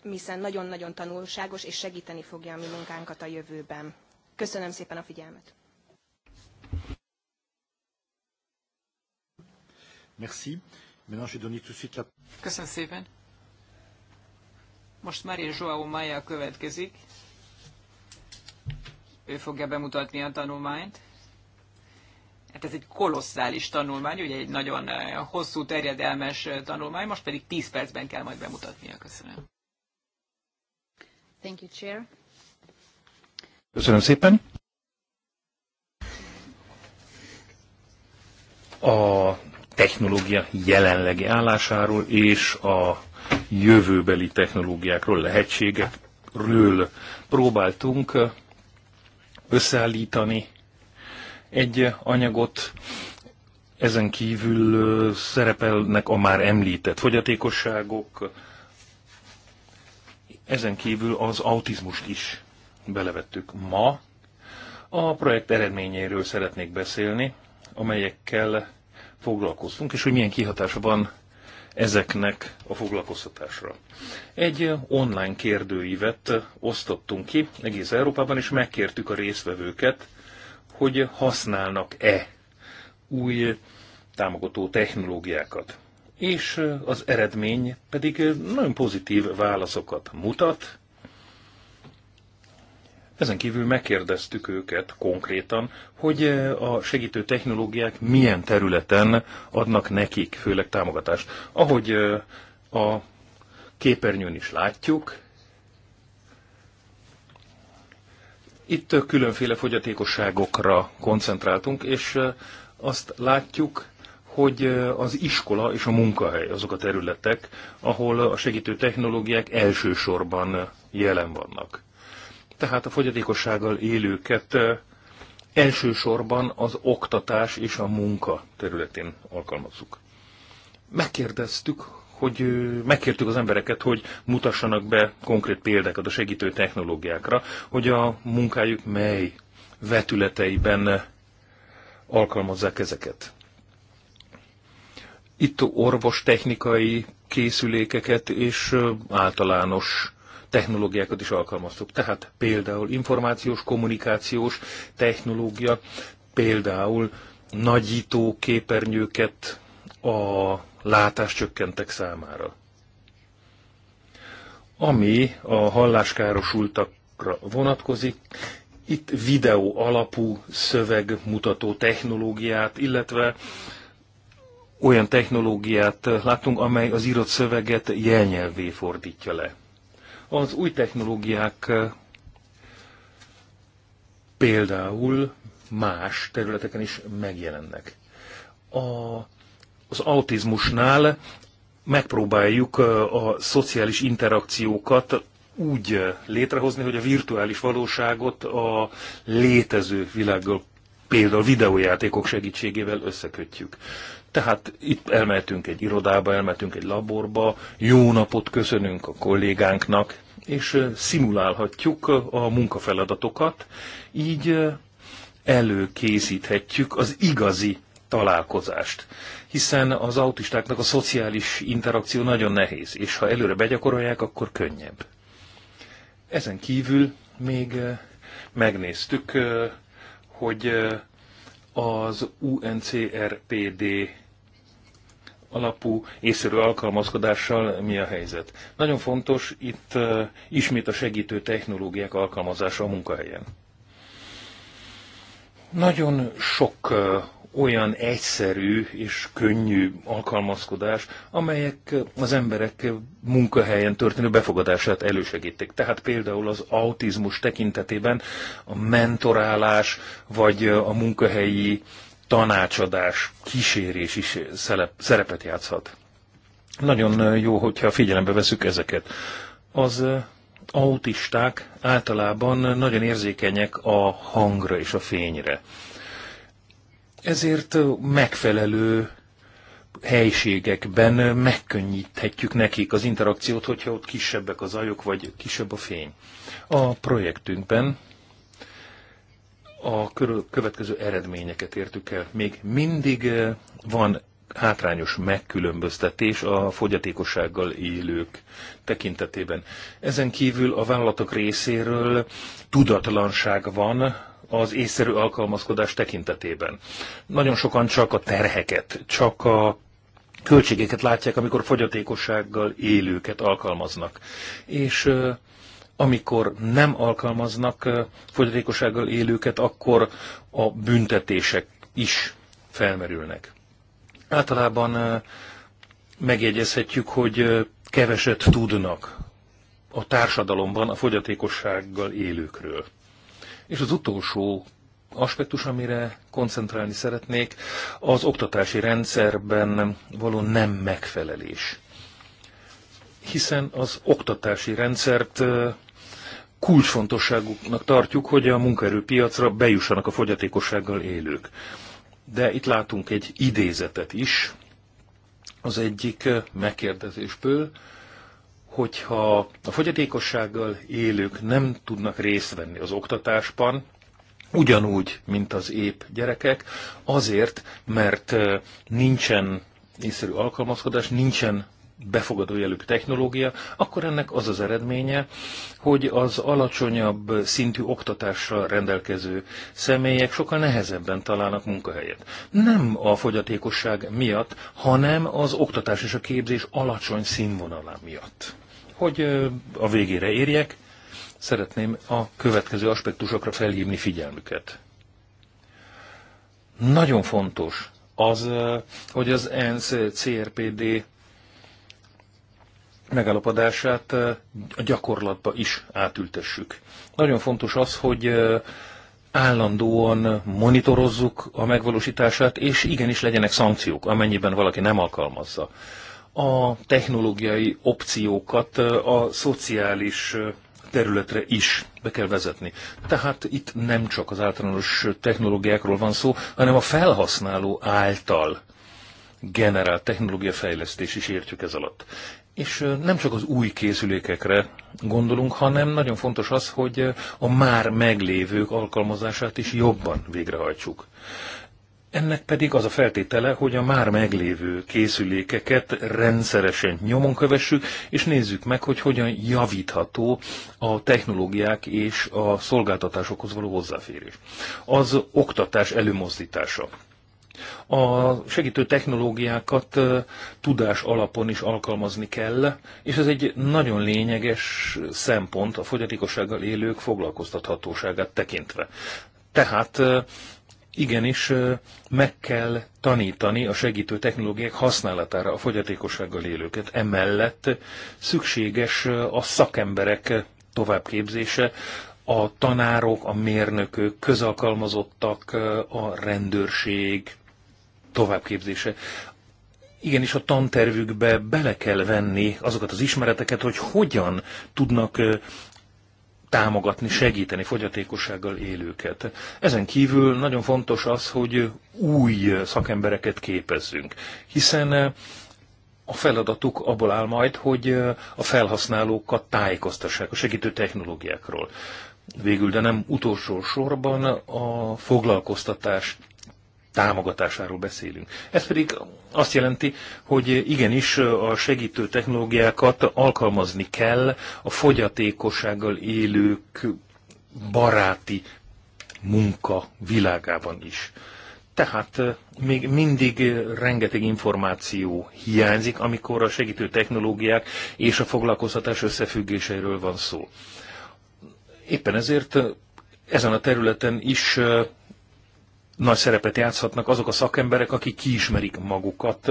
hiszen nagyon-nagyon tanulságos, és segíteni fogja a mi munkánkat a jövőben. Köszönöm szépen a figyelmet! Merci. Köszönöm szépen. Most Maria Joao Maia következik. Ő fogja bemutatni a tanulmányt hát ez egy kolosszális tanulmány, ugye egy nagyon eh, hosszú, terjedelmes eh, tanulmány, most pedig 10 percben kell majd bemutatnia. Köszönöm. Thank you, Chair. Köszönöm szépen. A technológia jelenlegi állásáról és a jövőbeli technológiákról, lehetségekről próbáltunk eh, összeállítani egy anyagot, ezen kívül szerepelnek a már említett fogyatékosságok, ezen kívül az autizmust is belevettük. Ma a projekt eredményeiről szeretnék beszélni, amelyekkel foglalkoztunk, és hogy milyen kihatása van ezeknek a foglalkoztatásra. Egy online kérdőívet osztottunk ki egész Európában, és megkértük a résztvevőket, hogy használnak-e új támogató technológiákat. És az eredmény pedig nagyon pozitív válaszokat mutat. Ezen kívül megkérdeztük őket konkrétan, hogy a segítő technológiák milyen területen adnak nekik főleg támogatást. Ahogy a képernyőn is látjuk, Itt különféle fogyatékosságokra koncentráltunk, és azt látjuk, hogy az iskola és a munkahely azok a területek, ahol a segítő technológiák elsősorban jelen vannak. Tehát a fogyatékossággal élőket elsősorban az oktatás és a munka területén alkalmazzuk. Megkérdeztük, hogy megkértük az embereket, hogy mutassanak be konkrét példákat a segítő technológiákra, hogy a munkájuk mely vetületeiben alkalmazzák ezeket. Itt technikai készülékeket és általános technológiákat is alkalmaztuk. Tehát például információs, kommunikációs technológia, például nagyító képernyőket a látás csökkentek számára. Ami a halláskárosultakra vonatkozik, itt videó alapú szövegmutató technológiát, illetve olyan technológiát látunk, amely az írott szöveget jelnyelvé fordítja le. Az új technológiák például más területeken is megjelennek. A az autizmusnál megpróbáljuk a szociális interakciókat úgy létrehozni, hogy a virtuális valóságot a létező világgal, például videójátékok segítségével összekötjük. Tehát itt elmehetünk egy irodába, elmehetünk egy laborba, jó napot köszönünk a kollégánknak, és szimulálhatjuk a munkafeladatokat, így előkészíthetjük az igazi találkozást hiszen az autistáknak a szociális interakció nagyon nehéz, és ha előre begyakorolják, akkor könnyebb. Ezen kívül még eh, megnéztük, eh, hogy eh, az UNCRPD alapú észszerű alkalmazkodással mi a helyzet. Nagyon fontos itt ismét a segítő technológiák alkalmazása a munkahelyen. Nagyon sok olyan egyszerű és könnyű alkalmazkodás, amelyek az emberek munkahelyen történő befogadását elősegítik. Tehát például az autizmus tekintetében a mentorálás, vagy a munkahelyi tanácsadás, kísérés is szerepet játszhat. Nagyon jó, hogyha figyelembe veszük ezeket. Az autisták általában nagyon érzékenyek a hangra és a fényre. Ezért megfelelő helységekben megkönnyíthetjük nekik az interakciót, hogyha ott kisebbek az ajok, vagy kisebb a fény. A projektünkben a következő eredményeket értük el. Még mindig van hátrányos megkülönböztetés a fogyatékossággal élők tekintetében. Ezen kívül a vállalatok részéről tudatlanság van az észszerű alkalmazkodás tekintetében. Nagyon sokan csak a terheket, csak a költségeket látják, amikor fogyatékossággal élőket alkalmaznak. És amikor nem alkalmaznak fogyatékossággal élőket, akkor a büntetések is felmerülnek. Általában megjegyezhetjük, hogy keveset tudnak a társadalomban a fogyatékossággal élőkről. És az utolsó aspektus, amire koncentrálni szeretnék, az oktatási rendszerben való nem megfelelés. Hiszen az oktatási rendszert kulcsfontosságuknak tartjuk, hogy a munkaerőpiacra bejussanak a fogyatékossággal élők. De itt látunk egy idézetet is, az egyik megkérdezésből, hogyha a fogyatékossággal élők nem tudnak részt venni az oktatásban, ugyanúgy, mint az ép gyerekek, azért, mert nincsen észszerű alkalmazkodás, nincsen befogadó jelű technológia, akkor ennek az az eredménye, hogy az alacsonyabb szintű oktatással rendelkező személyek sokkal nehezebben találnak munkahelyet. Nem a fogyatékosság miatt, hanem az oktatás és a képzés alacsony színvonalá miatt. Hogy a végére érjek, szeretném a következő aspektusokra felhívni figyelmüket. Nagyon fontos az, hogy az ENSZ CRPD megállapodását a gyakorlatba is átültessük. Nagyon fontos az, hogy állandóan monitorozzuk a megvalósítását, és igenis legyenek szankciók, amennyiben valaki nem alkalmazza a technológiai opciókat a szociális területre is be kell vezetni. Tehát itt nem csak az általános technológiákról van szó, hanem a felhasználó által generált fejlesztés is értjük ez alatt. És nem csak az új készülékekre gondolunk, hanem nagyon fontos az, hogy a már meglévők alkalmazását is jobban végrehajtsuk. Ennek pedig az a feltétele, hogy a már meglévő készülékeket rendszeresen nyomon kövessük, és nézzük meg, hogy hogyan javítható a technológiák és a szolgáltatásokhoz való hozzáférés. Az oktatás előmozdítása. A segítő technológiákat tudás alapon is alkalmazni kell, és ez egy nagyon lényeges szempont a fogyatékossággal élők foglalkoztathatóságát tekintve. Tehát igenis meg kell tanítani a segítő technológiák használatára a fogyatékossággal élőket. Emellett szükséges a szakemberek továbbképzése, a tanárok, a mérnökök, közalkalmazottak, a rendőrség továbbképzése. Igenis a tantervükbe bele kell venni azokat az ismereteket, hogy hogyan tudnak támogatni, segíteni fogyatékossággal élőket. Ezen kívül nagyon fontos az, hogy új szakembereket képezzünk, hiszen eh, a feladatuk abból áll majd, hogy eh, a felhasználókat tájékoztassák a segítő technológiákról. Végül, de nem utolsó sorban a foglalkoztatás támogatásáról beszélünk. Ez pedig azt jelenti, hogy igenis a segítő technológiákat alkalmazni kell a fogyatékossággal élők baráti munka világában is. Tehát eh, még mindig eh, rengeteg információ hiányzik, amikor a segítő technológiák és a foglalkoztatás összefüggéseiről van szó. Éppen ezért eh, ezen a területen is nagy szerepet játszhatnak azok a szakemberek, akik kiismerik magukat,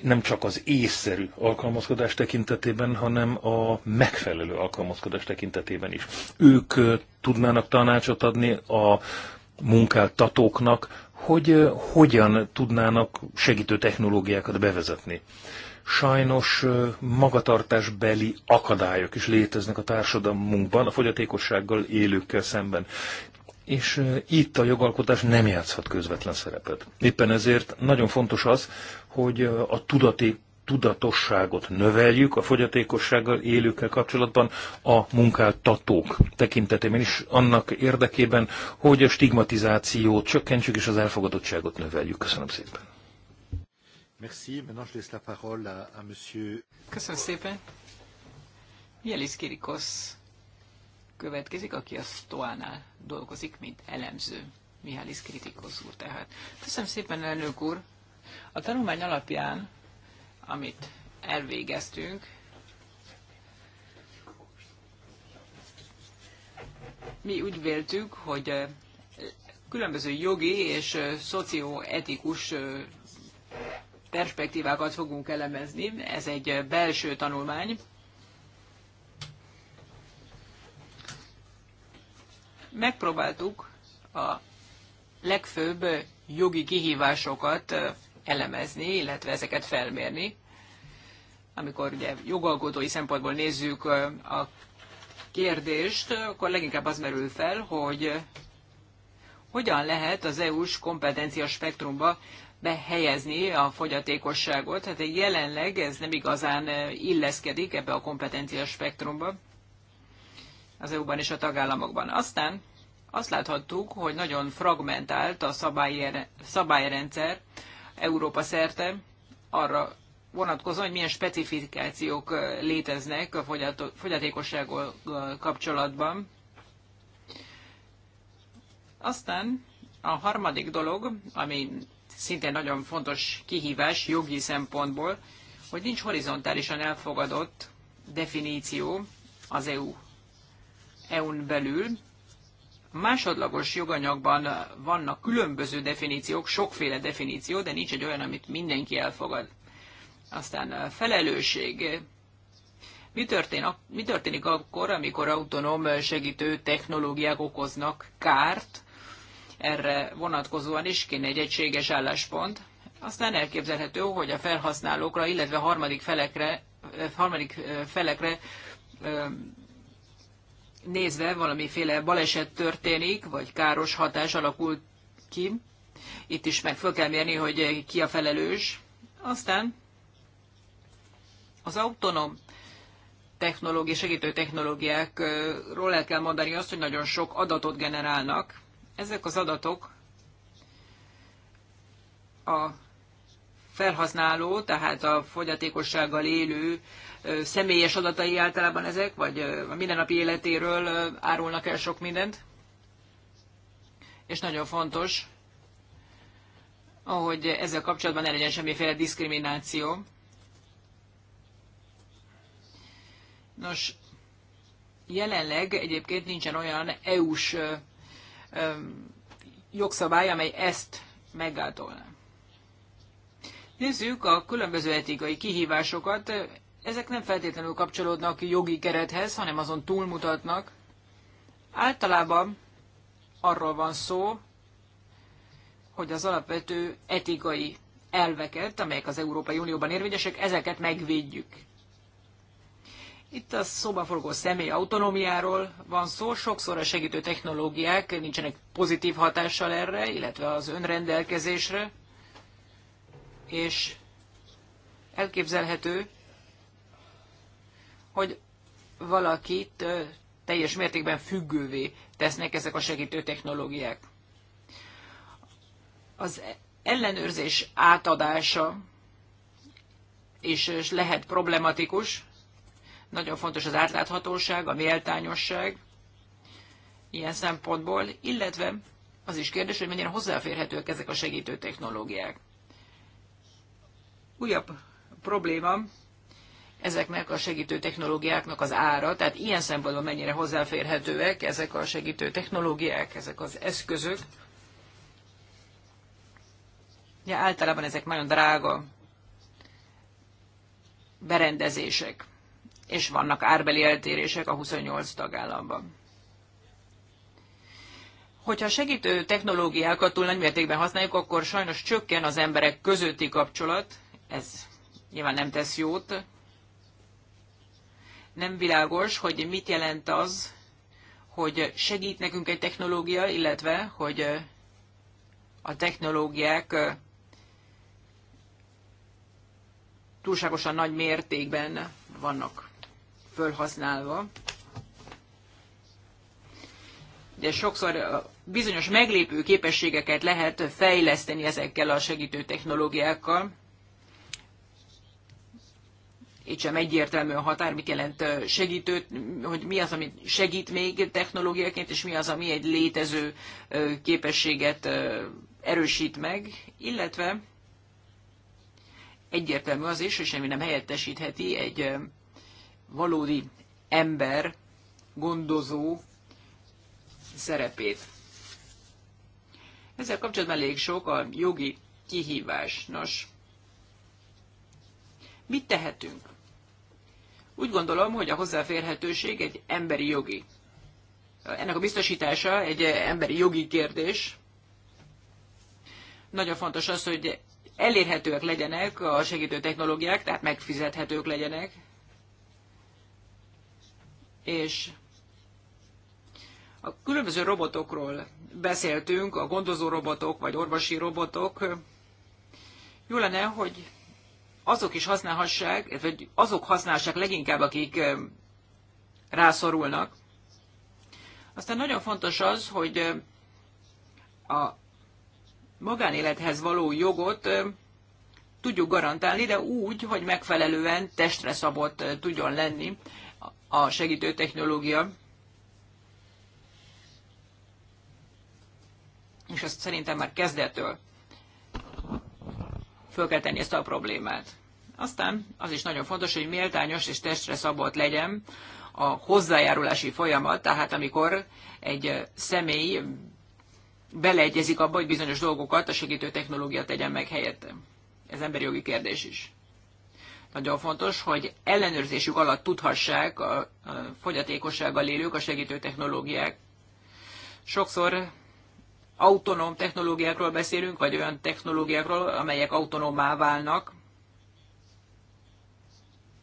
nem csak az észszerű alkalmazkodás tekintetében, hanem a megfelelő alkalmazkodás tekintetében is. Ők tudnának tanácsot adni a munkáltatóknak, hogy hogyan tudnának segítő technológiákat bevezetni. Sajnos magatartásbeli akadályok is léteznek a társadalmunkban, a fogyatékossággal élőkkel szemben és itt a jogalkotás nem játszhat közvetlen szerepet. Éppen ezért nagyon fontos az, hogy a tudati tudatosságot növeljük a fogyatékossággal élőkkel kapcsolatban a munkáltatók tekintetében is, annak érdekében, hogy a stigmatizációt csökkentsük és az elfogadottságot növeljük. Köszönöm szépen. Merci. Maintenant je laisse la parole à, à monsieur... Köszönöm szépen. Jelis Kirikosz következik, aki a Stoánál dolgozik, mint elemző. Mihális kritikus, úr tehát. Köszönöm szépen, elnök úr! A tanulmány alapján, amit elvégeztünk, mi úgy véltük, hogy különböző jogi és szocioetikus perspektívákat fogunk elemezni. Ez egy belső tanulmány, megpróbáltuk a legfőbb jogi kihívásokat elemezni, illetve ezeket felmérni. Amikor ugye jogalkotói szempontból nézzük a kérdést, akkor leginkább az merül fel, hogy hogyan lehet az EU-s kompetencia spektrumba behelyezni a fogyatékosságot. Hát jelenleg ez nem igazán illeszkedik ebbe a kompetencia spektrumba az EU-ban és a tagállamokban. Aztán azt láthattuk, hogy nagyon fragmentált a szabályrendszer Európa szerte arra vonatkozóan, hogy milyen specifikációk léteznek a fogyatékossággal kapcsolatban. Aztán a harmadik dolog, ami szintén nagyon fontos kihívás jogi szempontból, hogy nincs horizontálisan elfogadott definíció az EU EU-n belül. Másodlagos joganyagban vannak különböző definíciók, sokféle definíció, de nincs egy olyan, amit mindenki elfogad. Aztán eh, felelősség. Mi, történ, mi történik akkor, amikor autonóm segítő technológiák okoznak kárt? Erre vonatkozóan is kéne egy egységes álláspont. Aztán elképzelhető, hogy a felhasználókra, illetve harmadik felekre, eh, harmadik eh, felekre nézve valamiféle baleset történik, vagy káros hatás alakul ki. Itt is meg fel kell mérni, hogy ki a felelős. Aztán az autonóm technológia, segítő technológiákról el kell mondani azt, hogy nagyon sok adatot generálnak. Ezek az adatok a felhasználó, tehát a fogyatékossággal élő személyes adatai általában ezek, vagy a mindennapi életéről árulnak el sok mindent. És nagyon fontos, hogy ezzel kapcsolatban ne legyen semmiféle diszkrimináció. Nos, jelenleg egyébként nincsen olyan EU-s jogszabály, amely ezt meggátolná. Nézzük a különböző etikai kihívásokat ezek nem feltétlenül kapcsolódnak jogi kerethez, hanem azon túlmutatnak. Általában arról van szó, hogy az alapvető etikai elveket, amelyek az Európai Unióban érvényesek, ezeket megvédjük. Itt a szóban forgó személy autonómiáról van szó, sokszor a segítő technológiák nincsenek pozitív hatással erre, illetve az önrendelkezésre, és elképzelhető, hogy valakit teljes mértékben függővé tesznek ezek a segítő technológiák. Az ellenőrzés átadása és lehet problematikus. Nagyon fontos az átláthatóság, a méltányosság ilyen szempontból, illetve az is kérdés, hogy mennyire hozzáférhetőek ezek a segítő technológiák. Újabb probléma ezeknek a segítő technológiáknak az ára, tehát ilyen szempontból mennyire hozzáférhetőek ezek a segítő technológiák, ezek az eszközök. Ja, általában ezek nagyon drága berendezések, és vannak árbeli eltérések a 28 tagállamban. Hogyha segítő technológiákat túl nagy mértékben használjuk, akkor sajnos csökken az emberek közötti kapcsolat, ez nyilván nem tesz jót, nem világos, hogy mit jelent az, hogy segít nekünk egy technológia, illetve hogy a technológiák túlságosan nagy mértékben vannak fölhasználva. De sokszor bizonyos meglépő képességeket lehet fejleszteni ezekkel a segítő technológiákkal itt sem egyértelmű a határ, mit jelent segítő, hogy mi az, ami segít még technológiaként, és mi az, ami egy létező képességet erősít meg, illetve egyértelmű az is, hogy semmi nem helyettesítheti egy valódi ember gondozó szerepét. Ezzel kapcsolatban elég sok a jogi kihívás. Nos, Mit tehetünk? Úgy gondolom, hogy a hozzáférhetőség egy emberi jogi. Ennek a biztosítása egy emberi jogi kérdés. Nagyon fontos az, hogy elérhetőek legyenek a segítő technológiák, tehát megfizethetők legyenek. És a különböző robotokról beszéltünk, a gondozó robotok vagy orvosi robotok. Jó lenne, hogy azok is használhassák, vagy azok használhassák leginkább, akik rászorulnak. Aztán nagyon fontos az, hogy a magánélethez való jogot tudjuk garantálni, de úgy, hogy megfelelően testre szabott tudjon lenni a segítő technológia. És ezt szerintem már kezdettől föl kell tenni ezt a problémát. Aztán az is nagyon fontos, hogy méltányos és testre szabott legyen a hozzájárulási folyamat, tehát amikor egy személy beleegyezik abba, hogy bizonyos dolgokat a segítő technológia tegyen meg helyette. Ez emberi jogi kérdés is. Nagyon fontos, hogy ellenőrzésük alatt tudhassák a, fogyatékossággal élők a segítő technológiák. Sokszor autonóm technológiákról beszélünk, vagy olyan technológiákról, amelyek autonómá válnak,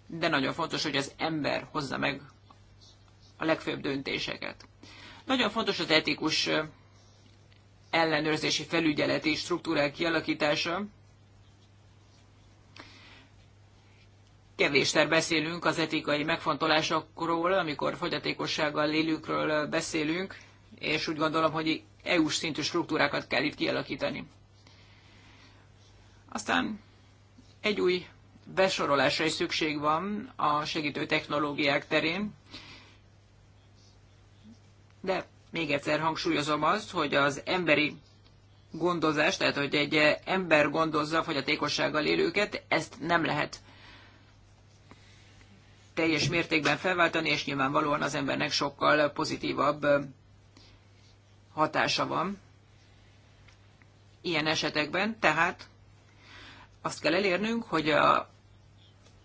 de nagyon fontos, hogy az ember hozza meg a legfőbb döntéseket. Nagyon fontos az etikus ellenőrzési felügyeleti struktúrák kialakítása. Kevésszer beszélünk az etikai megfontolásokról, amikor fogyatékossággal lélükről beszélünk, és úgy gondolom, hogy EU-s szintű struktúrákat kell itt kialakítani. Aztán egy új besorolásra is szükség van a segítő technológiák terén. De még egyszer hangsúlyozom azt, hogy az emberi gondozás, tehát hogy egy ember gondozza a fogyatékossággal élőket, ezt nem lehet teljes mértékben felváltani, és nyilvánvalóan az embernek sokkal pozitívabb hatása van ilyen esetekben. Tehát azt kell elérnünk, hogy a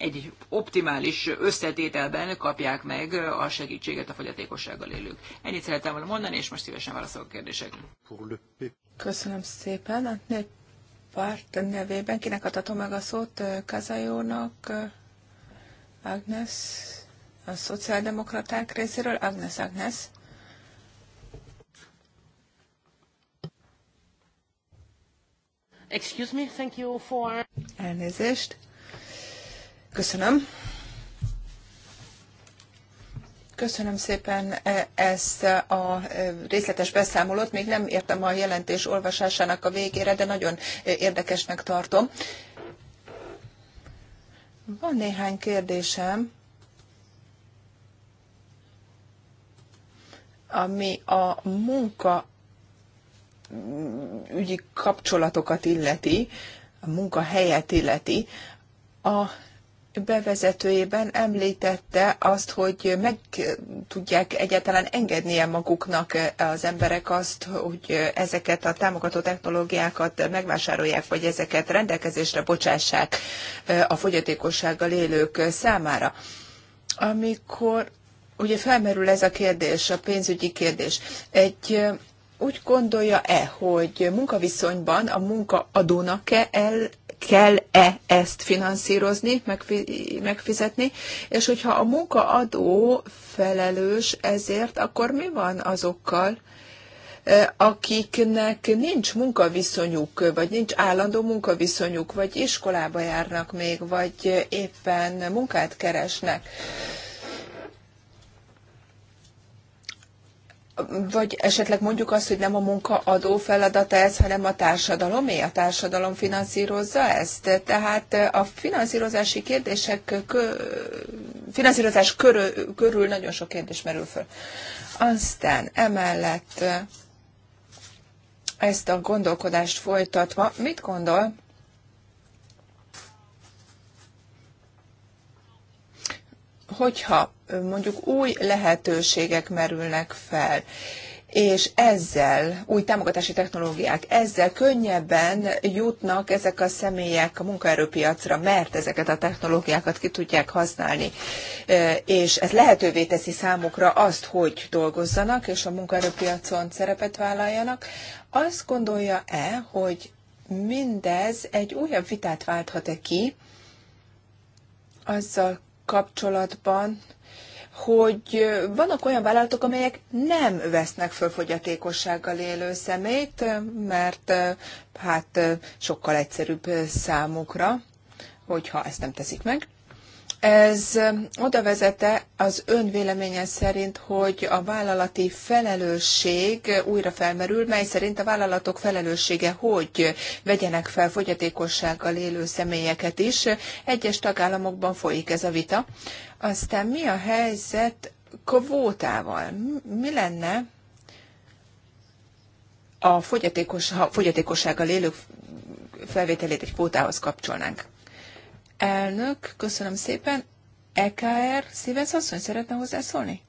egy optimális összetételben kapják meg a segítséget a fogyatékossággal élők. Ennyit szerettem volna mondani, és most szívesen válaszolok a kérdésekre. Köszönöm szépen. A párt nevében kinek adhatom meg a szót? Kazajónak, Agnes, a szociáldemokraták részéről, Agnes, Agnes. Excuse me, thank you for... Elnézést. Köszönöm. Köszönöm szépen e, ezt a e, részletes beszámolót. Még nem értem a jelentés olvasásának a végére, de nagyon érdekesnek tartom. Van néhány kérdésem, ami a munka ügyi kapcsolatokat illeti, a munkahelyet illeti. A bevezetőjében említette azt, hogy meg tudják egyáltalán engednie maguknak az emberek azt, hogy ezeket a támogató technológiákat megvásárolják, vagy ezeket rendelkezésre bocsássák a fogyatékossággal élők számára. Amikor ugye felmerül ez a kérdés, a pénzügyi kérdés, egy úgy gondolja-e, hogy munkaviszonyban a munkaadónak kell kell-e ezt finanszírozni, megfizetni, és hogyha a munkaadó felelős ezért, akkor mi van azokkal, e, akiknek nincs munkaviszonyuk, vagy nincs állandó munkaviszonyuk, vagy iskolába járnak még, vagy éppen munkát keresnek. vagy esetleg mondjuk azt, hogy nem a munkaadó feladata ez, hanem a társadalomé, a társadalom finanszírozza ezt. Tehát a finanszírozási kérdések, finanszírozás körül, körül nagyon sok kérdés merül föl. Aztán emellett ezt a gondolkodást folytatva, mit gondol hogyha mondjuk új lehetőségek merülnek fel, és ezzel új támogatási technológiák, ezzel könnyebben jutnak ezek a személyek a munkaerőpiacra, mert ezeket a technológiákat ki tudják használni, és ez lehetővé teszi számukra azt, hogy dolgozzanak, és a munkaerőpiacon szerepet vállaljanak. Azt gondolja-e, hogy mindez egy újabb vitát válthat-e ki azzal kapcsolatban, hogy vannak olyan vállalatok, amelyek nem vesznek föl fogyatékossággal élő szemét, mert hát sokkal egyszerűbb számukra, hogyha ezt nem teszik meg. Ez oda vezete az ön véleménye szerint, hogy a vállalati felelősség újra felmerül, mely szerint a vállalatok felelőssége, hogy vegyenek fel fogyatékossággal élő személyeket is. Egyes tagállamokban folyik ez a vita. Aztán mi a helyzet kvótával? Mi lenne a fogyatékos, fogyatékossággal élők felvételét egy kvótához kapcsolnánk? Elnök, köszönöm szépen. EKR, szíves asszony, szeretne hozzászólni?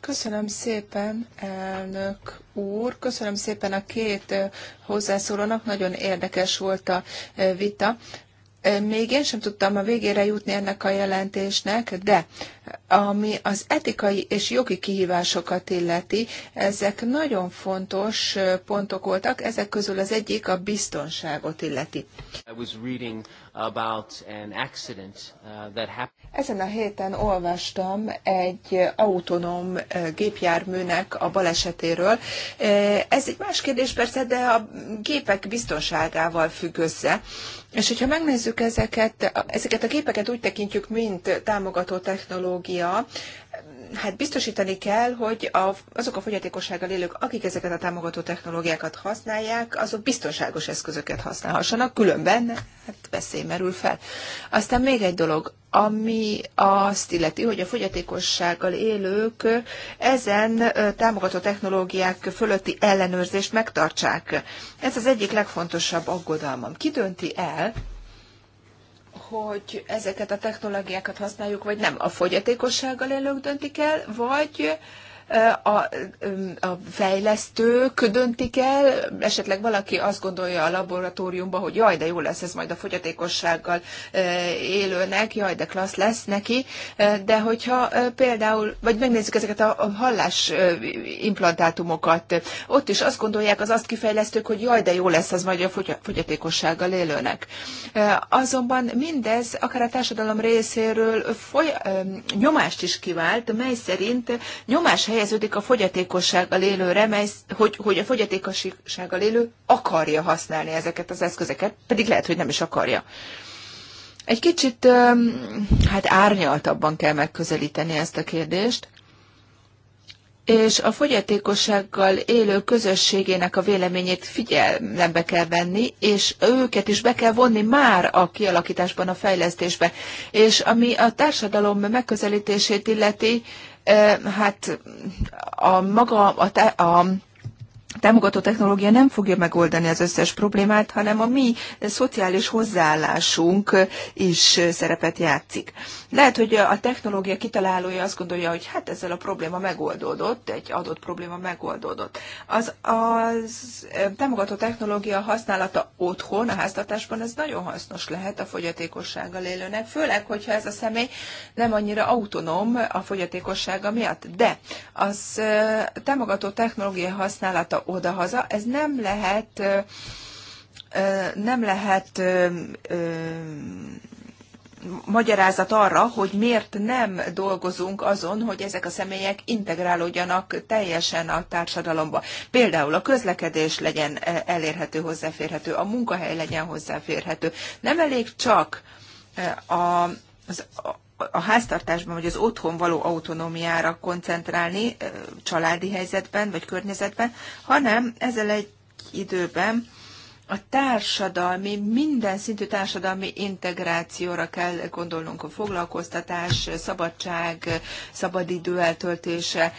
Köszönöm szépen, elnök úr, köszönöm szépen a két hozzászólónak, nagyon érdekes volt a vita. Még én sem tudtam a végére jutni ennek a jelentésnek, de ami az etikai és jogi kihívásokat illeti, ezek nagyon fontos pontok voltak, ezek közül az egyik a biztonságot illeti. Uh, Ezen a héten olvastam egy autonóm gépjárműnek a balesetéről. Ez egy más kérdés persze, de a gépek biztonságával függ össze. És hogyha megnézzük ezeket, ezeket a gépeket úgy tekintjük, mint támogató technológia, technológia, hát biztosítani kell, hogy a, azok a fogyatékossággal élők, akik ezeket a támogató technológiákat használják, azok biztonságos eszközöket használhassanak, különben hát veszély merül fel. Aztán még egy dolog, ami azt illeti, hogy a fogyatékossággal élők ezen támogató technológiák fölötti ellenőrzést megtartsák. Ez az egyik legfontosabb aggodalmam. Ki dönti el, hogy ezeket a technológiákat használjuk, vagy nem. A fogyatékossággal élők döntik el, vagy a, a fejlesztők döntik el, esetleg valaki azt gondolja a laboratóriumban, hogy jaj, de jó lesz ez majd a fogyatékossággal élőnek, jaj, de klassz lesz neki, de hogyha például, vagy megnézzük ezeket a hallás implantátumokat, ott is azt gondolják az azt kifejlesztők, hogy jaj, de jó lesz az majd a fogyatékossággal élőnek. Azonban mindez akár a társadalom részéről foly- nyomást is kivált, mely szerint nyomás helyett helyeződik a fogyatékossággal élő mely, hogy, hogy a fogyatékossággal élő akarja használni ezeket az eszközeket, pedig lehet, hogy nem is akarja. Egy kicsit hát árnyaltabban kell megközelíteni ezt a kérdést, és a fogyatékossággal élő közösségének a véleményét figyelembe kell venni, és őket is be kell vonni már a kialakításban, a fejlesztésbe. És ami a társadalom megközelítését illeti, hát a maga, a, a támogató technológia nem fogja megoldani az összes problémát, hanem a mi szociális hozzáállásunk is szerepet játszik. Lehet, hogy a technológia kitalálója azt gondolja, hogy hát ezzel a probléma megoldódott, egy adott probléma megoldódott. Az, az támogató technológia használata otthon, a háztartásban, ez nagyon hasznos lehet a fogyatékossággal élőnek, főleg, hogyha ez a személy nem annyira autonóm a fogyatékossága miatt. De az támogató technológia használata oda haza Ez nem lehet, nem lehet magyarázat arra, hogy miért nem dolgozunk azon, hogy ezek a személyek integrálódjanak teljesen a társadalomba. Például a közlekedés legyen elérhető, hozzáférhető, a munkahely legyen hozzáférhető. Nem elég csak a, az, a háztartásban vagy az otthon való autonómiára koncentrálni családi helyzetben vagy környezetben, hanem ezzel egy időben a társadalmi, minden szintű társadalmi integrációra kell gondolnunk, a foglalkoztatás, szabadság, szabadidő eltöltése.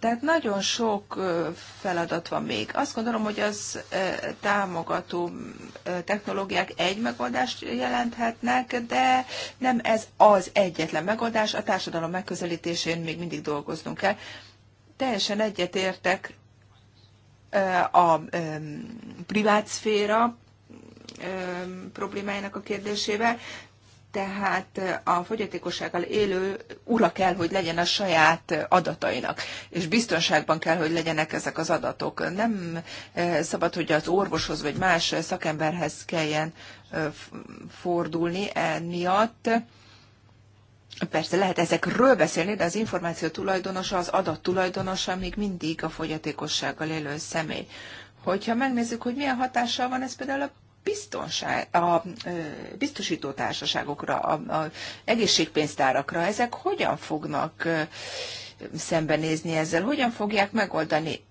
Tehát nagyon sok feladat van még. Azt gondolom, hogy az támogató technológiák egy megoldást jelenthetnek, de nem ez az egyetlen megoldás. A társadalom megközelítésén még mindig dolgoznunk kell. Teljesen egyetértek a privátszféra problémájának a kérdésével, tehát a fogyatékossággal élő ura kell, hogy legyen a saját adatainak, és biztonságban kell, hogy legyenek ezek az adatok. Nem eh, szabad, hogy az orvoshoz vagy más szakemberhez kelljen eh, fordulni miatt. Persze lehet ezekről beszélni, de az információ tulajdonosa, az adat tulajdonosa még mindig a fogyatékossággal élő személy. Hogyha megnézzük, hogy milyen hatással van ez például a biztonság, a biztosító társaságokra, a, a egészségpénztárakra, ezek hogyan fognak szembenézni ezzel, hogyan fogják megoldani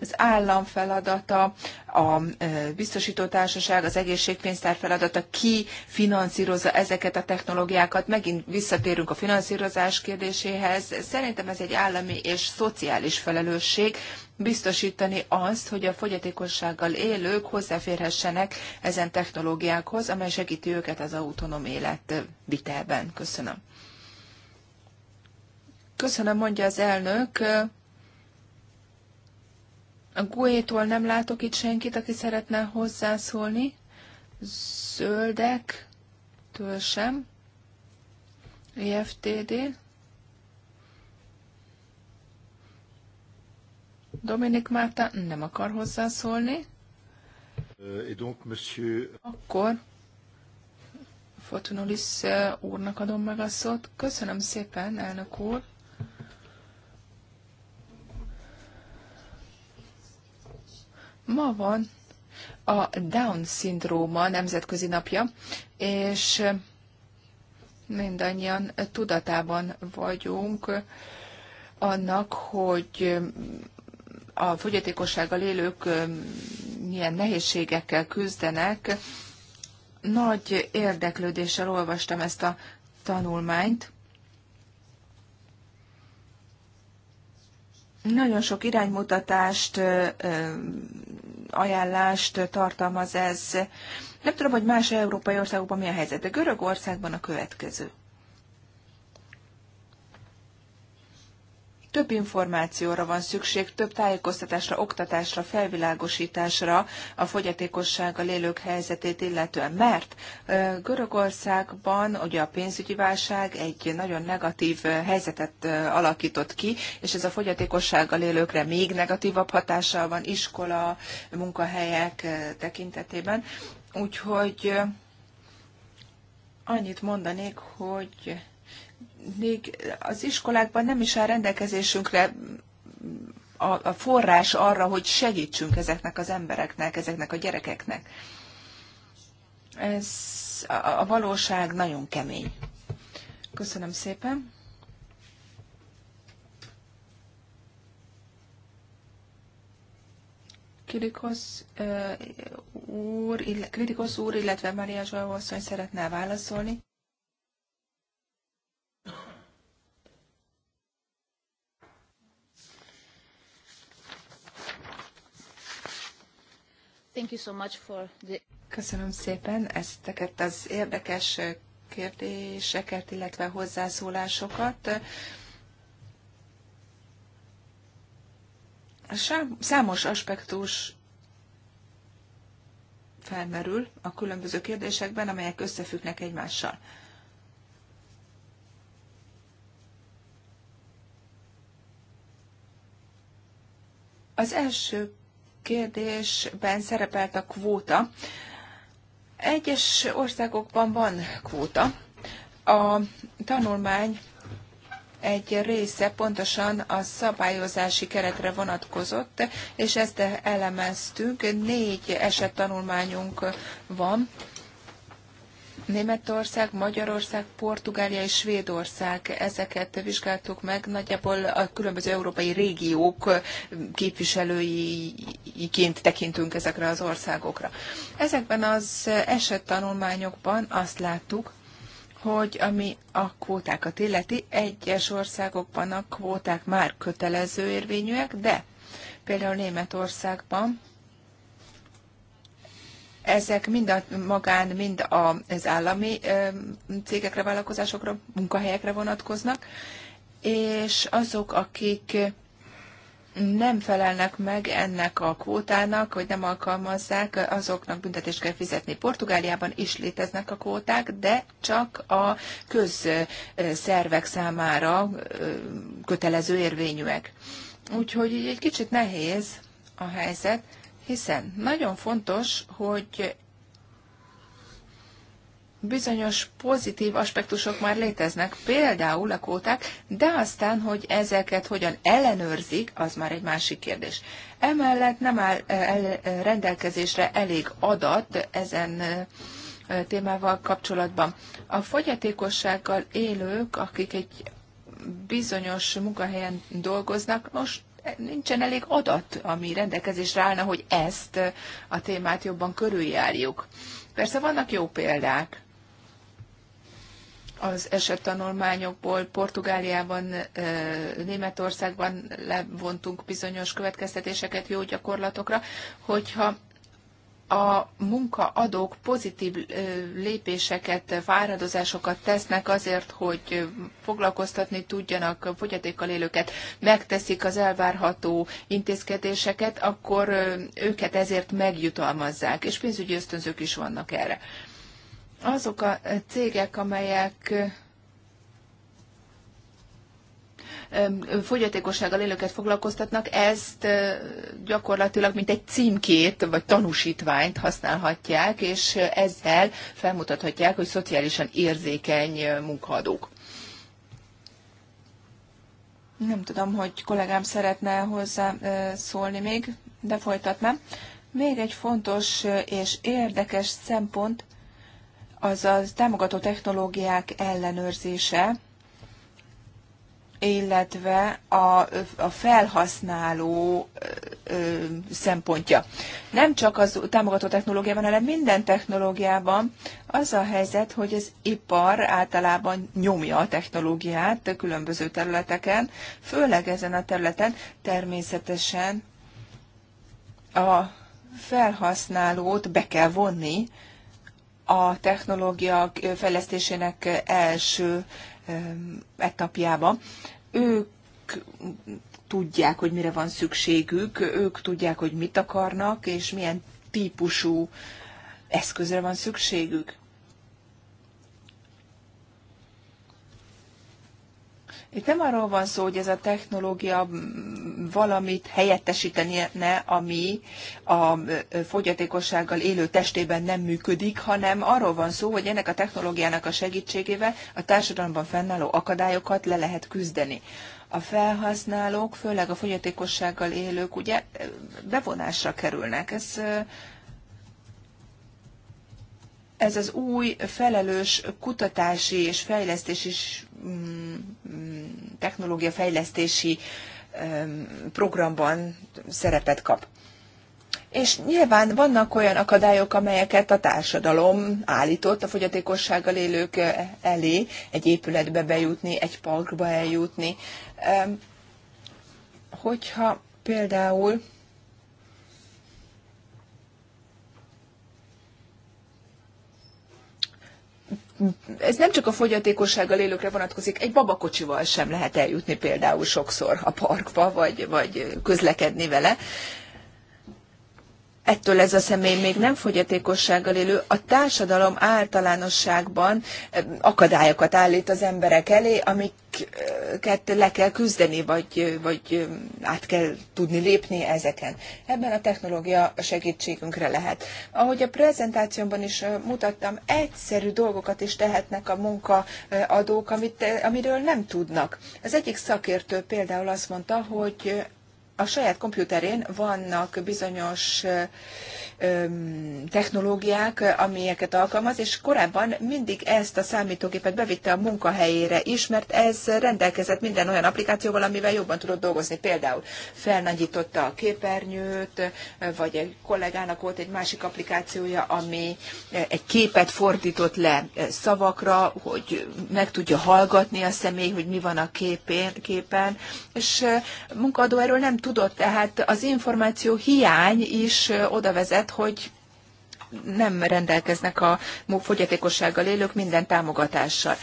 az állam feladata, a e, biztosítótársaság, az egészségpénztár feladata, ki finanszírozza ezeket a technológiákat. Megint visszatérünk a finanszírozás kérdéséhez. Szerintem ez egy állami és szociális felelősség, biztosítani azt, hogy a fogyatékossággal élők hozzáférhessenek ezen technológiákhoz, amely segíti őket az autonóm élet vitelben. Köszönöm. Köszönöm, mondja az elnök. A gue nem látok itt senkit, aki szeretne hozzászólni. Zöldek, től sem. EFTD. Dominik Márta nem akar hozzászólni. Euh, et donc, monsieur... Akkor Fortunulis euh, úrnak adom meg a szót. Köszönöm szépen, elnök úr. Ma van a Down-szindróma nemzetközi napja, és mindannyian tudatában vagyunk annak, hogy a fogyatékossággal élők milyen nehézségekkel küzdenek. Nagy érdeklődéssel olvastam ezt a tanulmányt. Nagyon sok iránymutatást ajánlást tartalmaz ez. Nem tudom, hogy más európai országokban mi a helyzet, de Görögországban a következő. Több információra van szükség, több tájékoztatásra, oktatásra, felvilágosításra a fogyatékossággal élők helyzetét illetően, mert Görögországban ugye a pénzügyi válság egy nagyon negatív helyzetet alakított ki, és ez a fogyatékossággal élőkre még negatívabb hatással van iskola, munkahelyek tekintetében. Úgyhogy annyit mondanék, hogy még az iskolákban nem is áll rendelkezésünkre a, a forrás arra, hogy segítsünk ezeknek az embereknek, ezeknek a gyerekeknek. Ez a, a valóság nagyon kemény. Köszönöm szépen. Kirikosz uh, úr, illetve, úr, illetve Maria Zsolvasszony szeretne válaszolni. Thank you so much for the... Köszönöm szépen ezteket az érdekes kérdéseket, illetve hozzászólásokat. Számos aspektus felmerül a különböző kérdésekben, amelyek összefüggnek egymással. Az első kérdésben szerepelt a kvóta. Egyes országokban van kvóta. A tanulmány egy része pontosan a szabályozási keretre vonatkozott, és ezt elemeztük. Négy esettanulmányunk van Németország, Magyarország, Portugália és Svédország, ezeket vizsgáltuk meg, nagyjából a különböző európai régiók képviselőiként tekintünk ezekre az országokra. Ezekben az esettanulmányokban azt láttuk, hogy ami a kvótákat illeti, egyes országokban a kvóták már kötelező érvényűek, de például Németországban ezek mind a magán, mind az állami cégekre, vállalkozásokra, munkahelyekre vonatkoznak, és azok, akik nem felelnek meg ennek a kvótának, vagy nem alkalmazzák, azoknak büntetést kell fizetni. Portugáliában is léteznek a kvóták, de csak a közszervek számára kötelező érvényűek. Úgyhogy egy kicsit nehéz a helyzet hiszen nagyon fontos, hogy bizonyos pozitív aspektusok már léteznek, például a kóták, de aztán, hogy ezeket hogyan ellenőrzik, az már egy másik kérdés. Emellett nem áll rendelkezésre elég adat ezen témával kapcsolatban. A fogyatékossággal élők, akik egy bizonyos munkahelyen dolgoznak, most nincsen elég adat, ami rendelkezésre állna, hogy ezt a témát jobban körüljárjuk. Persze vannak jó példák az esettanulmányokból, Portugáliában, Németországban levontunk bizonyos következtetéseket jó gyakorlatokra, hogyha a munkaadók pozitív lépéseket, fáradozásokat tesznek azért, hogy foglalkoztatni tudjanak fogyatékkal élőket, megteszik az elvárható intézkedéseket, akkor őket ezért megjutalmazzák, és pénzügyi ösztönzők is vannak erre. Azok a cégek, amelyek fogyatékossággal élőket foglalkoztatnak, ezt gyakorlatilag mint egy címkét vagy tanúsítványt használhatják, és ezzel felmutathatják, hogy szociálisan érzékeny munkahadók. Nem tudom, hogy kollégám szeretne hozzá szólni még, de folytatnám. Még egy fontos és érdekes szempont az a támogató technológiák ellenőrzése illetve a, a felhasználó ö, szempontja. Nem csak az támogató technológiában, hanem minden technológiában az a helyzet, hogy az ipar általában nyomja a technológiát különböző területeken, főleg ezen a területen természetesen a felhasználót be kell vonni a technológia fejlesztésének első etapjába. Ők tudják, hogy mire van szükségük, ők tudják, hogy mit akarnak, és milyen típusú eszközre van szükségük. Itt nem arról van szó, hogy ez a technológia valamit helyettesítene, ami a fogyatékossággal élő testében nem működik, hanem arról van szó, hogy ennek a technológiának a segítségével a társadalomban fennálló akadályokat le lehet küzdeni. A felhasználók, főleg a fogyatékossággal élők, ugye bevonásra kerülnek. Ez ez az új felelős kutatási és fejlesztési mm, mm, technológia fejlesztési programban szerepet kap. És nyilván vannak olyan akadályok, amelyeket a társadalom állított a fogyatékossággal élők eh, elé, egy épületbe bejutni, egy parkba eljutni. Hogyha például ez nem csak a fogyatékossággal élőkre vonatkozik, egy babakocsival sem lehet eljutni például sokszor a parkba, vagy, vagy közlekedni vele ettől ez a személy még nem fogyatékossággal élő, a társadalom általánosságban eh, akadályokat állít az emberek elé, amiket le kell küzdeni, vagy, eh, vagy eh, át kell tudni lépni ezeken. Ebben a technológia segítségünkre lehet. Ahogy a prezentációmban is mutattam, egyszerű dolgokat is tehetnek a munkaadók, amit, amiről nem tudnak. Az egyik szakértő például azt mondta, hogy a saját kompjúterén vannak bizonyos technológiák, amelyeket alkalmaz, és korábban mindig ezt a számítógépet bevitte a munkahelyére is, mert ez rendelkezett minden olyan applikációval, amivel jobban tudott dolgozni. Például felnagyította a képernyőt, vagy egy kollégának volt egy másik applikációja, ami egy képet fordított le szavakra, hogy meg tudja hallgatni a személy, hogy mi van a képén, képen, és munkadó erről nem tudott, tehát az információ hiány is oda vezet, mert hogy nem rendelkeznek a fogyatékossággal élők minden támogatással.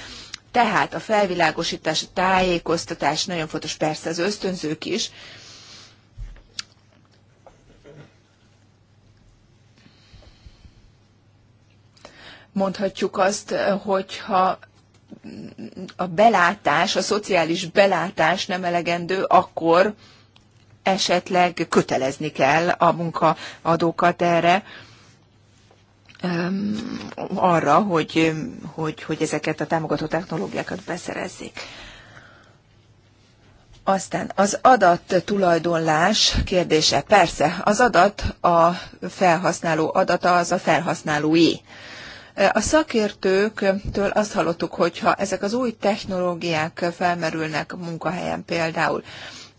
Tehát a felvilágosítás, a tájékoztatás nagyon fontos, persze az ösztönzők is, mondhatjuk azt, hogyha a belátás, a szociális belátás nem elegendő, akkor esetleg kötelezni kell a munkaadókat erre, arra, hogy, hogy, hogy ezeket a támogató technológiákat beszerezzék. Aztán az adat tulajdonlás kérdése. Persze, az adat a felhasználó adata, az a felhasználói. A szakértőktől azt hallottuk, hogyha ezek az új technológiák felmerülnek a munkahelyen például,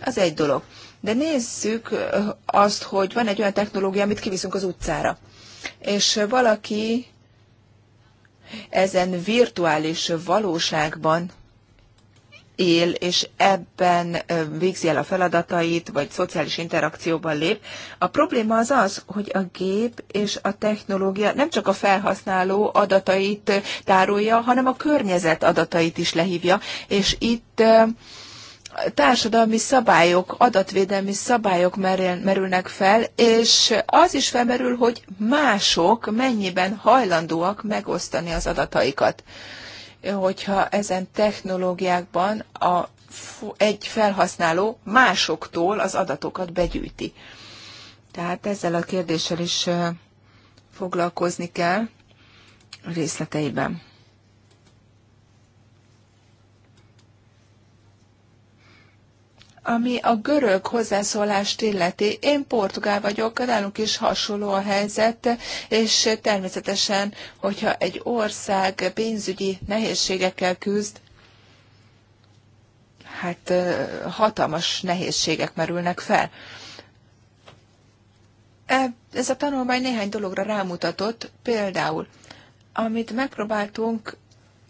az egy dolog. De nézzük eh, azt, hogy van egy olyan technológia, amit kiviszünk az utcára. És eh, valaki ezen virtuális valóságban él, és ebben eh, végzi el a feladatait, vagy szociális interakcióban lép. A probléma az az, hogy a gép és a technológia nem csak a felhasználó adatait tárolja, hanem a környezet adatait is lehívja, és itt társadalmi szabályok, adatvédelmi szabályok merülnek fel, és az is felmerül, hogy mások mennyiben hajlandóak megosztani az adataikat. Hogyha ezen technológiákban a, egy felhasználó másoktól az adatokat begyűjti. Tehát ezzel a kérdéssel is foglalkozni kell részleteiben. Ami a görög hozzászólást illeti, én portugál vagyok, nálunk is hasonló a helyzet, és természetesen, hogyha egy ország pénzügyi nehézségekkel küzd, hát hatalmas nehézségek merülnek fel. E, ez a tanulmány néhány dologra rámutatott, például, amit megpróbáltunk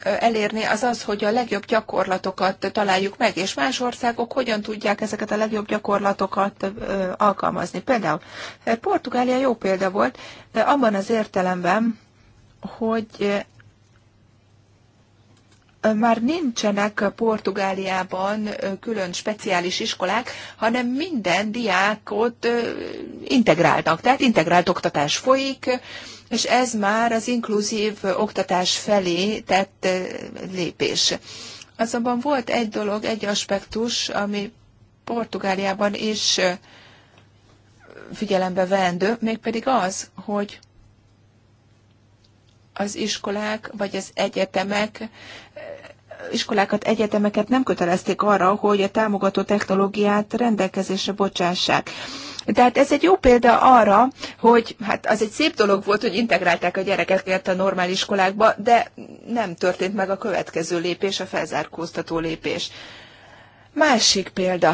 elérni, az az, hogy a legjobb gyakorlatokat találjuk meg, és más országok hogyan tudják ezeket a legjobb gyakorlatokat alkalmazni. Például Portugália jó példa volt, abban az értelemben, hogy már nincsenek Portugáliában külön speciális iskolák, hanem minden diákot integráltak, Tehát integrált oktatás folyik, és ez már az inkluzív oktatás felé tett lépés. Azonban volt egy dolog, egy aspektus, ami Portugáliában is figyelembe vendő, mégpedig az, hogy az iskolák vagy az egyetemek iskolákat, egyetemeket nem kötelezték arra, hogy a támogató technológiát rendelkezésre bocsássák. Tehát ez egy jó példa arra, hogy hát az egy szép dolog volt, hogy integrálták a gyerekeket a normál iskolákba, de nem történt meg a következő lépés, a felzárkóztató lépés. Másik példa.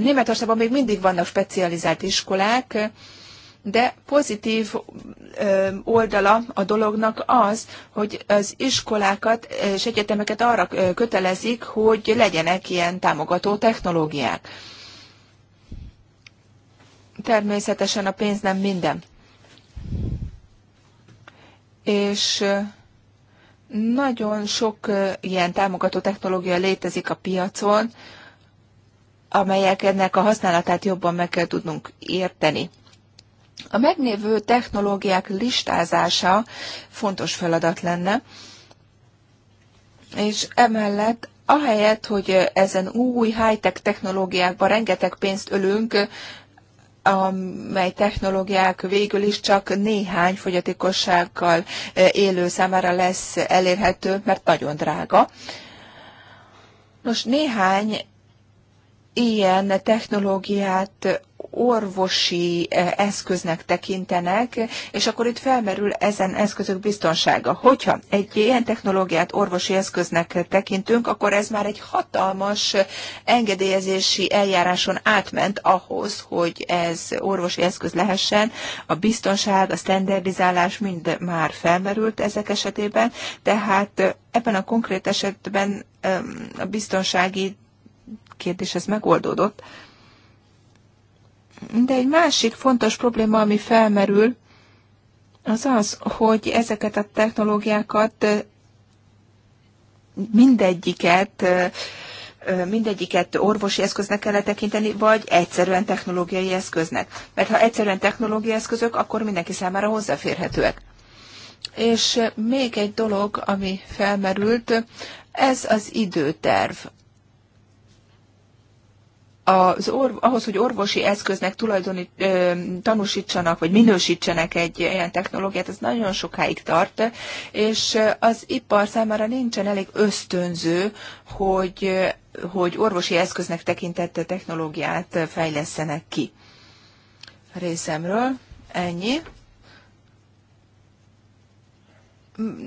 Németországban még mindig vannak specializált iskolák, de pozitív oldala a dolognak az, hogy az iskolákat és egyetemeket arra kötelezik, hogy legyenek ilyen támogató technológiák. Természetesen a pénz nem minden. És nagyon sok ilyen támogató technológia létezik a piacon, amelyek ennek a használatát jobban meg kell tudnunk érteni. A megnévő technológiák listázása fontos feladat lenne, és emellett ahelyett, hogy ezen új high-tech technológiákba rengeteg pénzt ölünk, amely technológiák végül is csak néhány fogyatékossággal eh, élő számára lesz elérhető, mert nagyon drága. Nos, néhány ilyen technológiát orvosi eh, eszköznek tekintenek, és akkor itt felmerül ezen eszközök biztonsága. Hogyha egy ilyen technológiát orvosi eszköznek tekintünk, akkor ez már egy hatalmas engedélyezési eljáráson átment ahhoz, hogy ez orvosi eszköz lehessen. A biztonság, a standardizálás mind már felmerült ezek esetében, tehát eh, ebben a konkrét esetben a biztonsági kérdés ez megoldódott. De egy másik fontos probléma, ami felmerül, az az, hogy ezeket a technológiákat mindegyiket mindegyiket orvosi eszköznek kell tekinteni, vagy egyszerűen technológiai eszköznek. Mert ha egyszerűen technológiai eszközök, akkor mindenki számára hozzáférhetőek. És még egy dolog, ami felmerült, ez az időterv az orv, ahhoz, hogy orvosi eszköznek tulajdoni, ö, tanúsítsanak, vagy minősítsenek egy ilyen technológiát, ez nagyon sokáig tart, és az ipar számára nincsen elég ösztönző, hogy, hogy orvosi eszköznek tekintett technológiát fejlesztenek ki. A részemről ennyi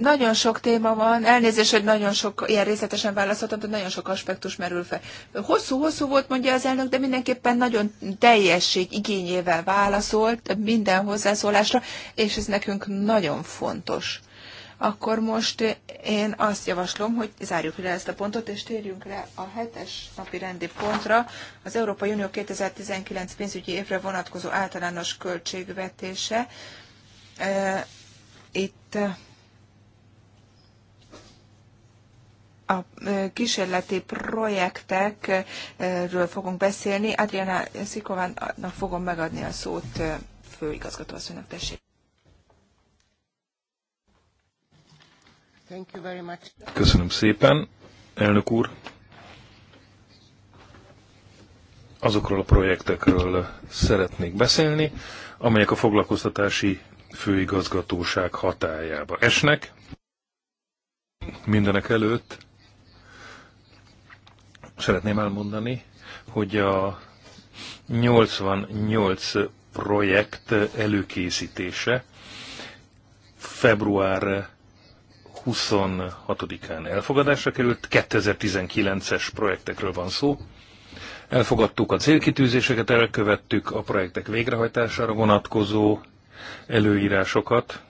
nagyon sok téma van, elnézés, hogy nagyon sok, ilyen részletesen válaszoltam, de nagyon sok aspektus merül fel. Hosszú-hosszú volt, mondja az elnök, de mindenképpen nagyon teljesség igényével válaszolt minden hozzászólásra, és ez nekünk nagyon fontos. Akkor most én azt javaslom, hogy zárjuk le ezt a pontot, és térjünk le a hetes napi rendi pontra, az Európai Unió 2019 pénzügyi évre vonatkozó általános költségvetése. Itt a kísérleti projektekről fogunk beszélni. Adriana Szikovánnak fogom megadni a szót főigazgató asszonynak, tessék. Köszönöm szépen, elnök úr. Azokról a projektekről szeretnék beszélni, amelyek a foglalkoztatási főigazgatóság hatájába esnek. Mindenek előtt szeretném elmondani, hogy a 88 projekt előkészítése február 26-án elfogadásra került, 2019-es projektekről van szó. Elfogadtuk a célkitűzéseket, elkövettük a projektek végrehajtására vonatkozó előírásokat,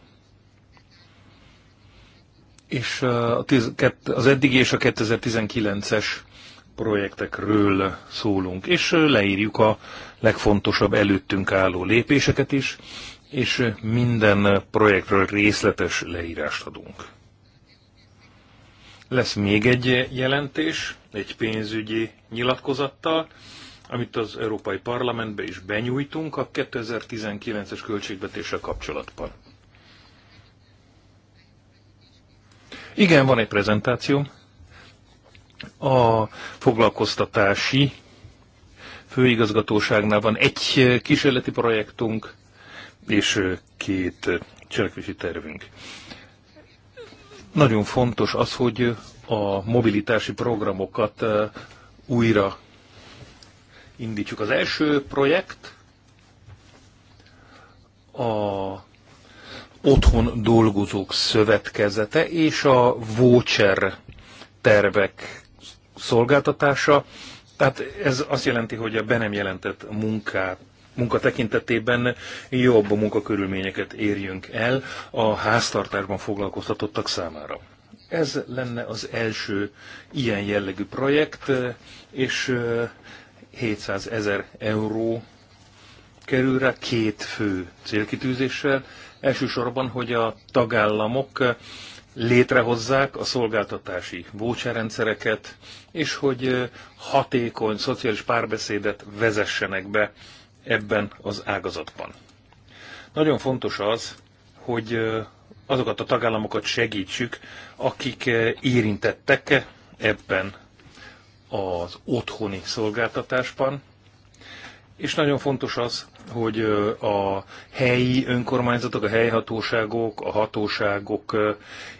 és uh, az eddigi és a 2019-es projektekről szólunk, és leírjuk a legfontosabb előttünk álló lépéseket is, és minden projektről részletes leírást adunk. Lesz még egy jelentés, egy pénzügyi nyilatkozattal, amit az Európai Parlamentbe is benyújtunk a 2019-es költségvetéssel kapcsolatban. Igen, van egy prezentáció a foglalkoztatási főigazgatóságnál van egy kísérleti projektunk, és két cselekvési tervünk. Nagyon fontos az, hogy a mobilitási programokat eh, újra indítsuk. Az első projekt a Otthon Dolgozók Szövetkezete és a Voucher tervek szolgáltatása. Tehát ez azt jelenti, hogy a be nem jelentett munká, munka tekintetében jobb munkakörülményeket érjünk el a háztartásban foglalkoztatottak számára. Ez lenne az első ilyen jellegű projekt, és 700 ezer euró kerül rá két fő célkitűzéssel. Elsősorban, hogy a tagállamok létrehozzák a szolgáltatási voucherrendszereket, és hogy hatékony szociális párbeszédet vezessenek be ebben az ágazatban. Nagyon fontos az, hogy azokat a tagállamokat segítsük, akik érintettek ebben az otthoni szolgáltatásban, és nagyon fontos az, hogy a helyi önkormányzatok, a helyi hatóságok a hatóságok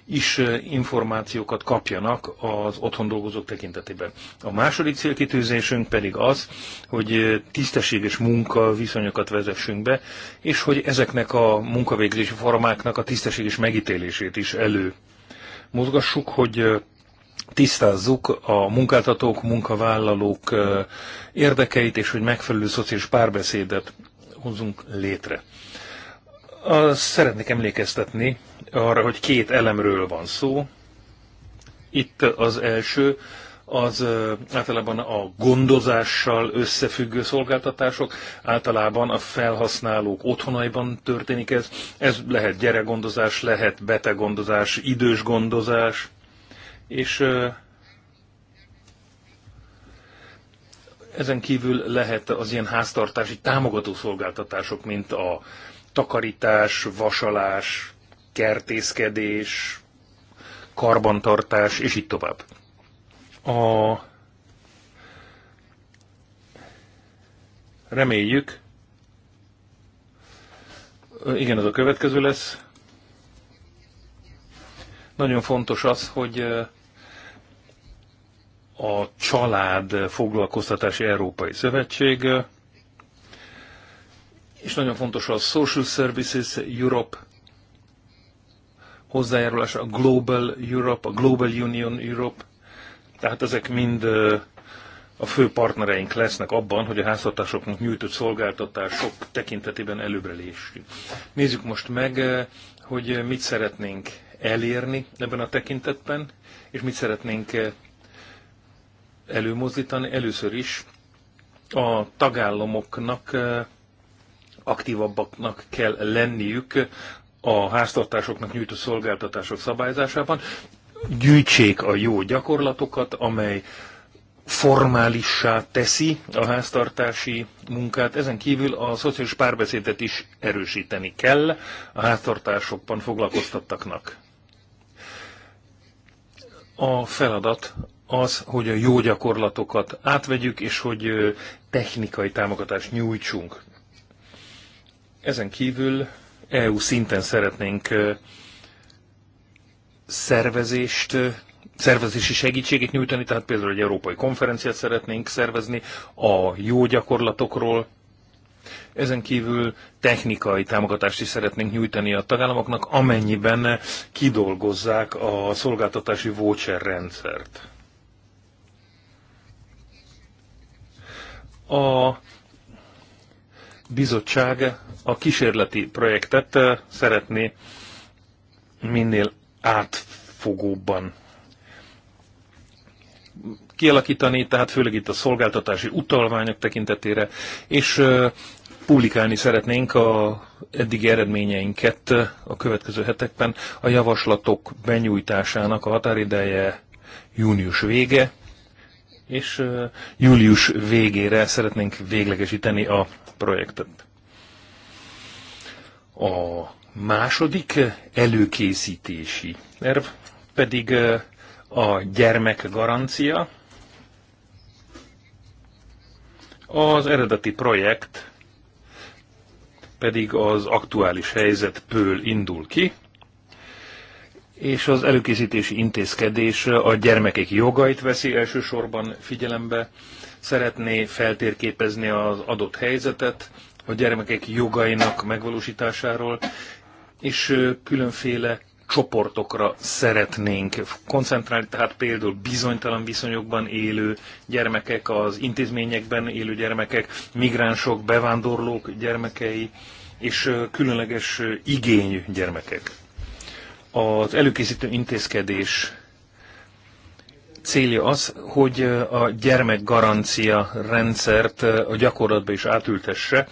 is információkat kapjanak az otthon dolgozók tekintetében. A második célkitűzésünk pedig az, hogy tisztességes munkaviszonyokat vezessünk be, és hogy ezeknek a munkavégzési formáknak a tisztességes megítélését is elő mozgassuk, hogy tisztázzuk a munkáltatók, munkavállalók érdekeit, és hogy megfelelő szociális párbeszédet hozunk létre. Azt szeretnék emlékeztetni arra, hogy két elemről van szó. Itt az első, az általában a gondozással összefüggő szolgáltatások, általában a felhasználók otthonaiban történik ez. Ez lehet gyerekgondozás, lehet beteggondozás, idős gondozás, és Ezen kívül lehet az ilyen háztartási támogató szolgáltatások, mint a takarítás, vasalás, kertészkedés, karbantartás, és így tovább. A reméljük, igen, ez a következő lesz. Nagyon fontos az, hogy a Család Foglalkoztatási Európai Szövetség, és nagyon fontos a Social Services Europe hozzájárulása, a Global Europe, a Global Union Europe, tehát ezek mind a fő partnereink lesznek abban, hogy a háztartásoknak nyújtott szolgáltatások tekintetében előbbre lésünk. Nézzük most meg, hogy mit szeretnénk elérni ebben a tekintetben, és mit szeretnénk előmozdítani. Először is a tagállamoknak eh, aktívabbaknak kell lenniük a háztartásoknak nyújtó szolgáltatások szabályzásában. Gyűjtsék a jó gyakorlatokat, amely formálissá teszi a háztartási munkát. Ezen kívül a szociális párbeszédet is erősíteni kell a háztartásokban foglalkoztattaknak. A feladat az, hogy a jó gyakorlatokat átvegyük, és hogy technikai támogatást nyújtsunk. Ezen kívül EU szinten szeretnénk szervezést, szervezési segítséget nyújtani, tehát például egy európai konferenciát szeretnénk szervezni a jó gyakorlatokról. Ezen kívül technikai támogatást is szeretnénk nyújtani a tagállamoknak, amennyiben kidolgozzák a szolgáltatási voucher rendszert. A bizottság a kísérleti projektet eh, szeretné minél átfogóbban kialakítani, tehát főleg itt a szolgáltatási utalványok tekintetére, és eh, publikálni szeretnénk a eddigi eredményeinket eh, a következő hetekben. A javaslatok benyújtásának a határideje június vége, és július végére szeretnénk véglegesíteni a projektet. A második előkészítési erv pedig a gyermekgarancia. Az eredeti projekt pedig az aktuális helyzetből indul ki, és az előkészítési intézkedés a gyermekek jogait veszi elsősorban figyelembe, szeretné feltérképezni az adott helyzetet a gyermekek jogainak megvalósításáról, és különféle csoportokra szeretnénk koncentrálni, tehát például bizonytalan viszonyokban élő gyermekek, az intézményekben élő gyermekek, migránsok, bevándorlók gyermekei, és különleges igényű gyermekek az előkészítő intézkedés célja az, hogy a gyermekgarancia rendszert a gyakorlatba is átültesse,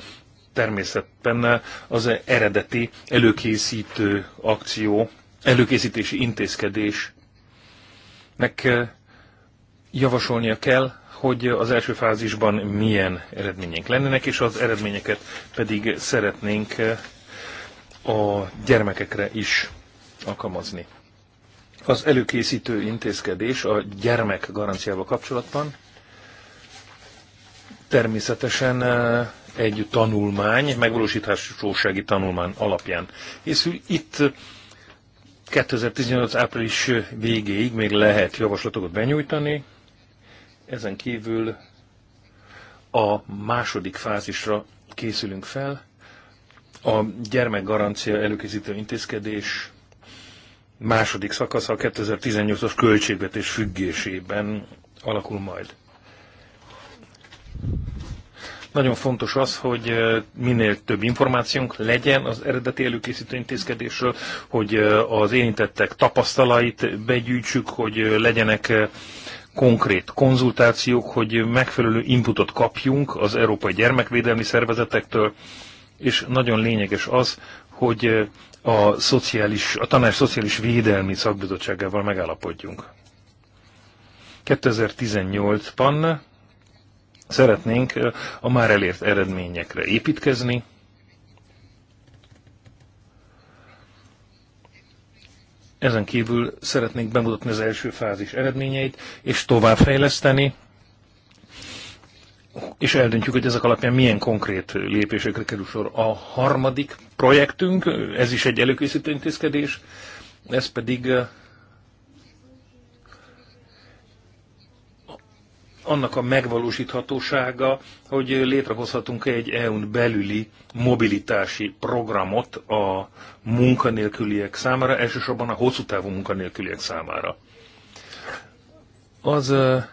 természetben az eredeti előkészítő akció, előkészítési intézkedésnek javasolnia kell, hogy az első fázisban milyen eredmények lennének, és az eredményeket pedig szeretnénk a gyermekekre is alkalmazni. Az előkészítő intézkedés a gyermek garanciával kapcsolatban természetesen egy tanulmány, megvalósításósági tanulmány alapján készül. Itt 2018. április végéig még lehet javaslatokat benyújtani, ezen kívül a második fázisra készülünk fel. A gyermekgarancia előkészítő intézkedés második szakasza a 2018-as költségvetés függésében alakul majd. Nagyon fontos az, hogy minél több információnk legyen az eredeti előkészítő intézkedésről, hogy az érintettek tapasztalait begyűjtsük, hogy legyenek konkrét konzultációk, hogy megfelelő inputot kapjunk az Európai Gyermekvédelmi Szervezetektől, és nagyon lényeges az, hogy a, szociális, a tanács szociális védelmi szakbizottságával megállapodjunk. 2018-ban szeretnénk a már elért eredményekre építkezni, Ezen kívül szeretnénk bemutatni az első fázis eredményeit, és továbbfejleszteni és eldöntjük, hogy ezek alapján milyen konkrét lépésekre kerül sor. A harmadik projektünk, ez is egy előkészítő intézkedés, ez pedig eh, annak a megvalósíthatósága, hogy létrehozhatunk egy EU-n belüli mobilitási programot a munkanélküliek számára, elsősorban a hosszú távú munkanélküliek számára. Az eh,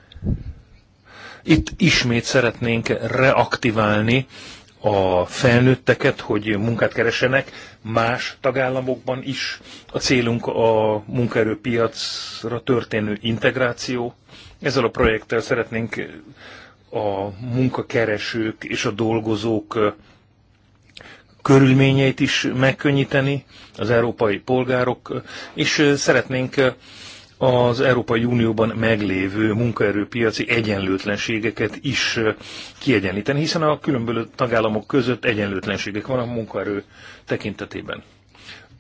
itt ismét szeretnénk reaktiválni a felnőtteket, hogy munkát keresenek más tagállamokban is. A célunk a munkaerőpiacra történő integráció. Ezzel a projekttel szeretnénk a munkakeresők és a dolgozók körülményeit is megkönnyíteni, az európai polgárok, és szeretnénk az Európai Unióban meglévő munkaerőpiaci egyenlőtlenségeket is kiegyenlíteni, hiszen a különböző tagállamok között egyenlőtlenségek van a munkaerő tekintetében.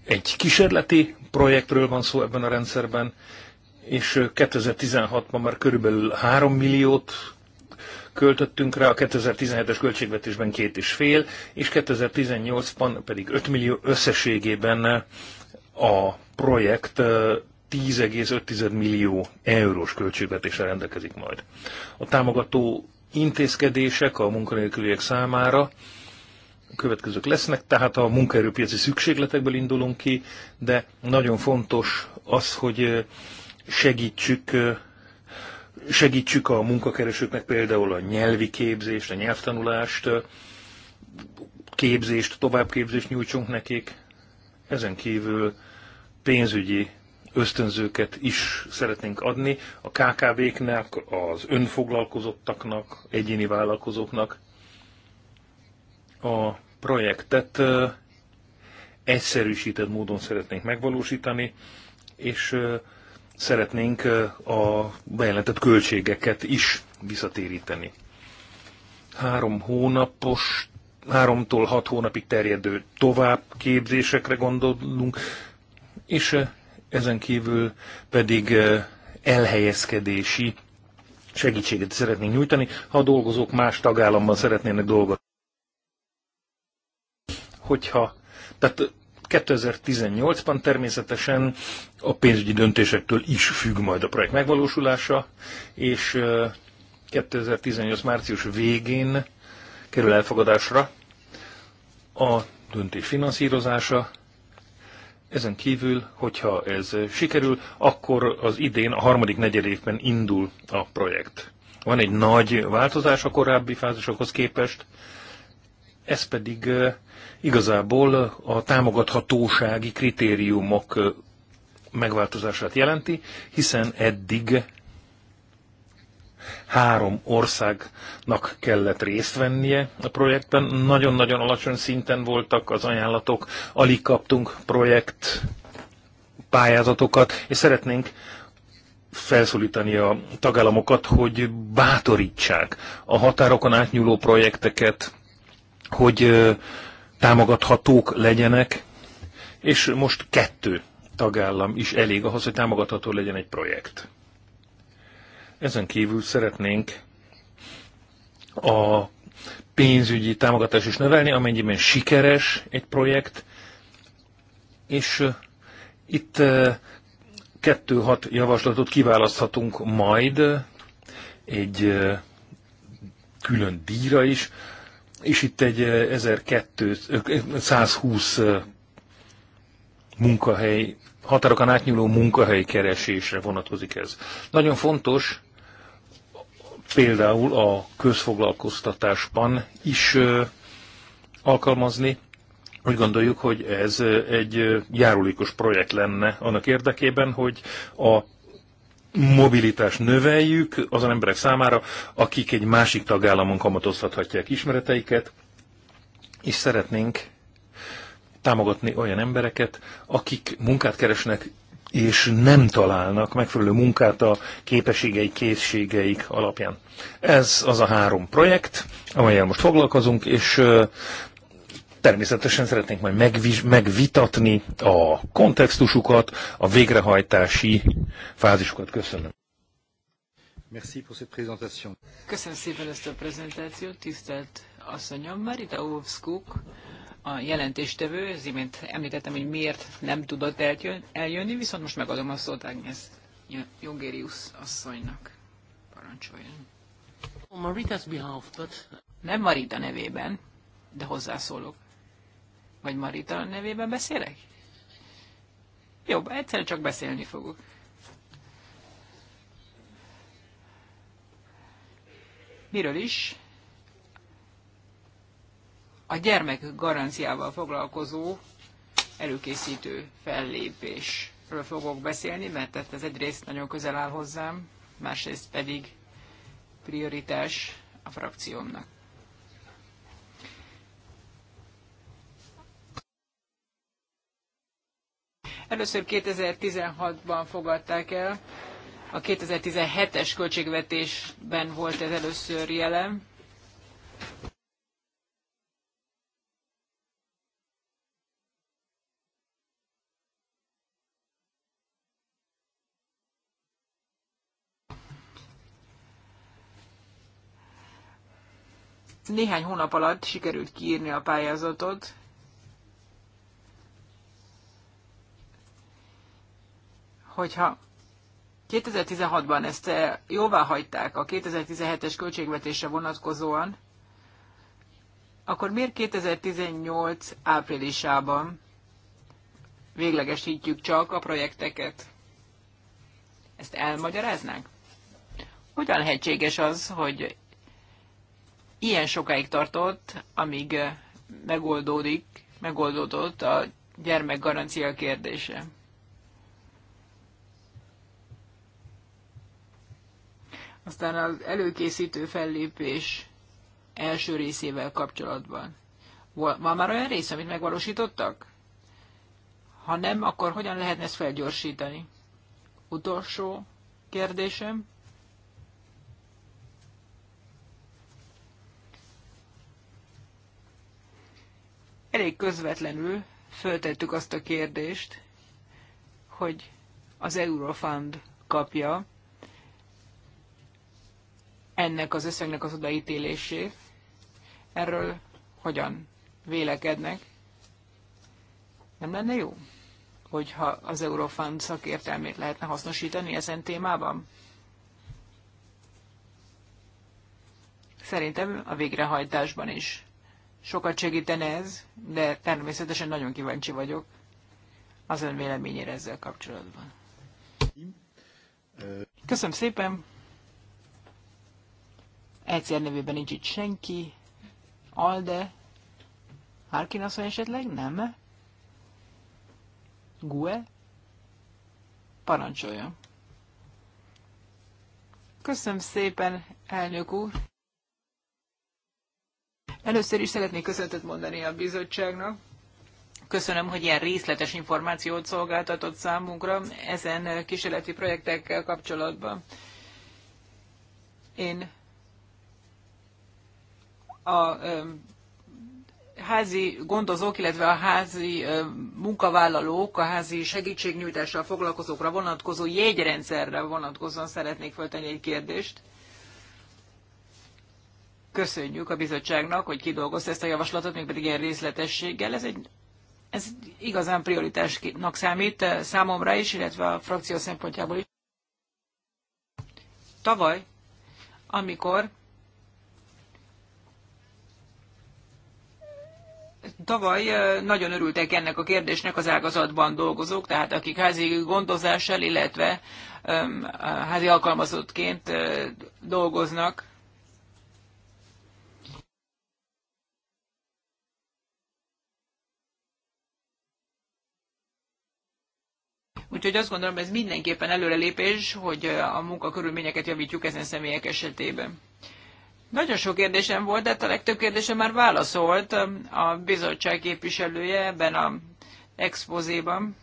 Egy kísérleti projektről van szó ebben a rendszerben, és 2016-ban már körülbelül 3 milliót költöttünk rá, a 2017-es költségvetésben fél, és 2018-ban pedig 5 millió összességében a projekt 10,5 millió eurós költségvetésre rendelkezik majd. A támogató intézkedések a munkanélküliek számára következők lesznek, tehát a munkaerőpiaci szükségletekből indulunk ki, de nagyon fontos az, hogy segítsük segítsük a munkakeresőknek például a nyelvi képzést, a nyelvtanulást, képzést, továbbképzést nyújtsunk nekik. Ezen kívül pénzügyi ösztönzőket is szeretnénk adni a KKV-knek, az önfoglalkozottaknak, egyéni vállalkozóknak. A projektet egyszerűsített módon szeretnénk megvalósítani, és szeretnénk a bejelentett költségeket is visszatéríteni. Három hónapos, háromtól hat hónapig terjedő továbbképzésekre gondolunk, és ezen kívül pedig elhelyezkedési segítséget szeretnénk nyújtani, ha a dolgozók más tagállamban szeretnének dolgozni. Hogyha, tehát 2018-ban természetesen a pénzügyi döntésektől is függ majd a projekt megvalósulása, és 2018 március végén kerül elfogadásra a döntés finanszírozása, ezen kívül, hogyha ez sikerül, akkor az idén, a harmadik negyed évben indul a projekt. Van egy nagy változás a korábbi fázisokhoz képest, ez pedig igazából a támogathatósági kritériumok megváltozását jelenti, hiszen eddig három országnak kellett részt vennie a projektben. Nagyon-nagyon alacsony szinten voltak az ajánlatok, alig kaptunk projekt pályázatokat, és szeretnénk felszólítani a tagállamokat, hogy bátorítsák a határokon átnyúló projekteket, hogy támogathatók legyenek, és most kettő tagállam is elég ahhoz, hogy támogatható legyen egy projekt. Ezen kívül szeretnénk a pénzügyi támogatás is növelni, amennyiben sikeres egy projekt, és itt kettő-hat javaslatot kiválaszthatunk majd egy külön díjra is, és itt egy 1220 munkahely, határokon átnyúló munkahely keresésre vonatkozik ez. Nagyon fontos, például a közfoglalkoztatásban is alkalmazni. Úgy gondoljuk, hogy ez egy járulékos projekt lenne annak érdekében, hogy a mobilitást növeljük azon emberek számára, akik egy másik tagállamon kamatoztathatják ismereteiket, és szeretnénk támogatni olyan embereket, akik munkát keresnek és nem találnak megfelelő munkát a képességeik, készségeik alapján. Ez az a három projekt, amelyel most foglalkozunk, és természetesen szeretnénk majd megviz, megvitatni a kontextusukat, a végrehajtási fázisukat. Köszönöm. Merci pour cette présentation. Köszönöm szépen ezt a prezentációt, tisztelt asszonyom, Marita Ovszkuk a jelentéstevő, az imént említettem, hogy miért nem tudott eljönni, viszont most megadom a szót Agnes Jongerius asszonynak. Parancsoljon. Nem Marita nevében, de hozzászólok. Vagy Marita nevében beszélek? Jobb, egyszer csak beszélni fogok. Miről is? a gyermekek garanciával foglalkozó előkészítő fellépésről fogok beszélni, mert ez egyrészt nagyon közel áll hozzám, másrészt pedig prioritás a frakciómnak. Először 2016-ban fogadták el, a 2017-es költségvetésben volt ez először jelen. néhány hónap alatt sikerült kiírni a pályázatot, hogyha 2016-ban ezt e jóvá hagyták a 2017-es költségvetésre vonatkozóan, akkor miért 2018 áprilisában véglegesítjük csak a projekteket? Ezt elmagyaráznánk? Hogyan lehetséges az, hogy ilyen sokáig tartott, amíg megoldódik, megoldódott a gyermekgarancia kérdése. Aztán az előkészítő fellépés első részével kapcsolatban. Van már olyan rész, amit megvalósítottak? Ha nem, akkor hogyan lehetne ezt felgyorsítani? Utolsó kérdésem. elég közvetlenül föltettük azt a kérdést, hogy az Eurofund kapja ennek az összegnek az odaítélését. Erről hogyan vélekednek? Nem lenne jó, hogyha az Eurofund szakértelmét lehetne hasznosítani ezen témában? Szerintem a végrehajtásban is sokat segítene ez, de természetesen nagyon kíváncsi vagyok az ön véleményére ezzel kapcsolatban. Köszönöm szépen! Egyszer nevében nincs itt senki. Alde. Harkin asszony esetleg? Nem? Gue? Parancsoljon. Köszönöm szépen, elnök úr. Először is szeretnék köszöntet mondani a bizottságnak. Köszönöm, hogy ilyen részletes információt szolgáltatott számunkra ezen kísérleti projektekkel kapcsolatban. Én a házi gondozók, illetve a házi munkavállalók, a házi segítségnyújtással foglalkozókra vonatkozó jegyrendszerre vonatkozóan szeretnék föltenni egy kérdést köszönjük a bizottságnak, hogy kidolgozta ezt a javaslatot, még pedig ilyen részletességgel. Ez egy ez igazán prioritásnak számít eh, számomra is, illetve a frakció szempontjából is. Tavaly, amikor tavaly eh, nagyon örültek ennek a kérdésnek az ágazatban dolgozók, tehát akik házi gondozással, illetve házi alkalmazottként eh, dolgoznak. Úgyhogy azt gondolom, ez mindenképpen előrelépés, hogy a munkakörülményeket javítjuk ezen személyek esetében. Nagyon sok kérdésem volt, de hát a legtöbb kérdésem már válaszolt a bizottság képviselője ebben a expozéban.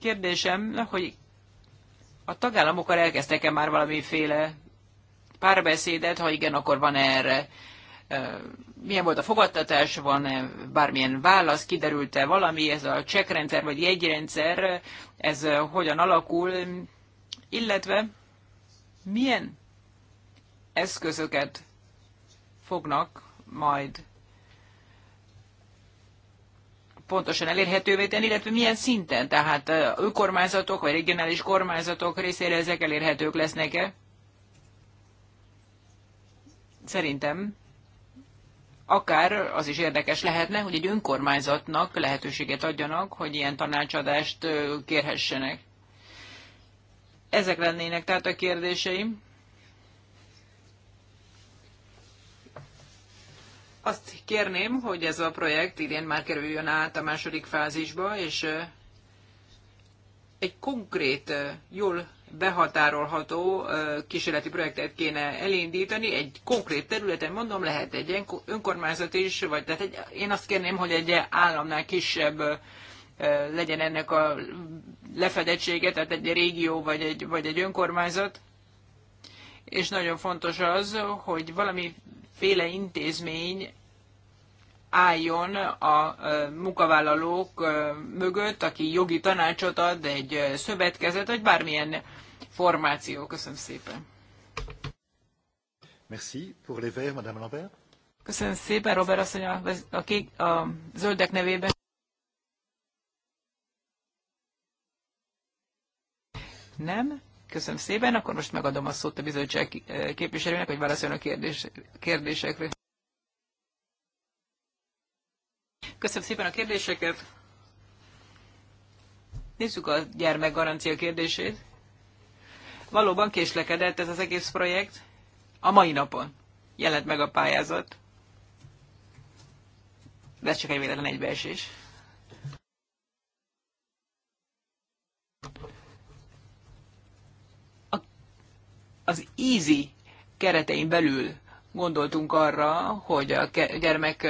Kérdésem, hogy a tagállamokkal elkezdtek-e már valamiféle párbeszédet, ha igen, akkor van -e erre milyen volt a fogadtatás, van -e bármilyen válasz, kiderült-e valami, ez a csekrendszer vagy jegyrendszer, ez hogyan alakul, illetve milyen eszközöket fognak majd pontosan elérhetővé tenni, illetve milyen szinten, tehát önkormányzatok vagy regionális kormányzatok részére ezek elérhetők lesznek-e? Szerintem akár az is érdekes lehetne, hogy egy önkormányzatnak lehetőséget adjanak, hogy ilyen tanácsadást kérhessenek. Ezek lennének tehát a kérdéseim. Azt kérném, hogy ez a projekt idén már kerüljön át a második fázisba, és egy konkrét, jól behatárolható kísérleti projektet kéne elindítani. Egy konkrét területen, mondom, lehet egy önkormányzat is, vagy tehát egy, én azt kérném, hogy egy államnál kisebb legyen ennek a lefedettsége, tehát egy régió vagy egy, vagy egy önkormányzat. És nagyon fontos az, hogy féle intézmény álljon a munkavállalók mögött, aki jogi tanácsot ad, egy szövetkezet, vagy bármilyen formáció. Köszönöm szépen. Merci. Pour les verts, Madame Lambert. Köszönöm szépen, Robert asszony, a, a, kék, a zöldek nevében. Nem? Köszönöm szépen, akkor most megadom a szót a bizottság eh, képviselőnek, hogy válaszoljon a kérdés, kérdésekre. Köszönöm szépen a kérdéseket. Nézzük a gyermekgarancia kérdését. Valóban késlekedett ez az egész projekt. A mai napon jelent meg a pályázat. De ez csak egy véletlen egybeesés. A, az easy keretein belül gondoltunk arra, hogy a gyermek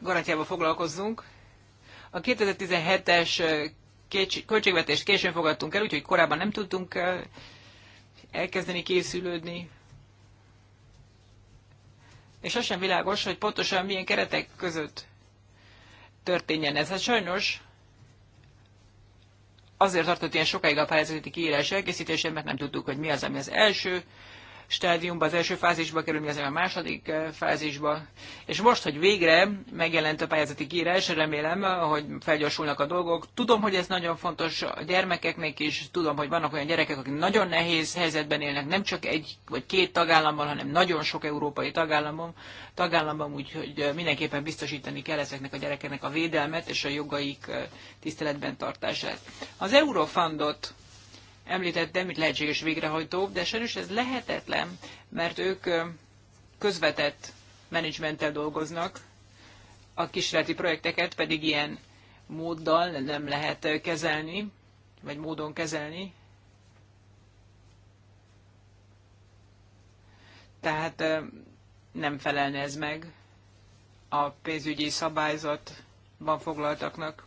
garantiával foglalkozzunk. A 2017-es költségvetést későn fogadtunk el, úgyhogy korábban nem tudtunk elkezdeni készülődni. És az sem világos, hogy pontosan milyen keretek között történjen ez. Hát sajnos azért tartott ilyen sokáig a pályázati kiírás elkészítése, mert nem tudtuk, hogy mi az, ami az első stádiumba, az első fázisba kerülni, az a második eh, fázisba. És most, hogy végre megjelent a pályázati kiírás, remélem, hogy felgyorsulnak a dolgok. Tudom, hogy ez nagyon fontos a gyermekeknek is, tudom, hogy vannak olyan gyerekek, akik nagyon nehéz helyzetben élnek, nem csak egy vagy két tagállamban, hanem nagyon sok európai tagállamban, tagállamban úgyhogy mindenképpen biztosítani kell ezeknek a gyerekeknek a védelmet és a jogaik eh, tiszteletben tartását. Az Eurofundot említettem, mint lehetséges végrehajtó, de sajnos ez lehetetlen, mert ők közvetett menedzsmenttel dolgoznak, a kísérleti projekteket pedig ilyen móddal nem lehet kezelni, vagy módon kezelni. Tehát nem felelne ez meg a pénzügyi szabályzatban foglaltaknak.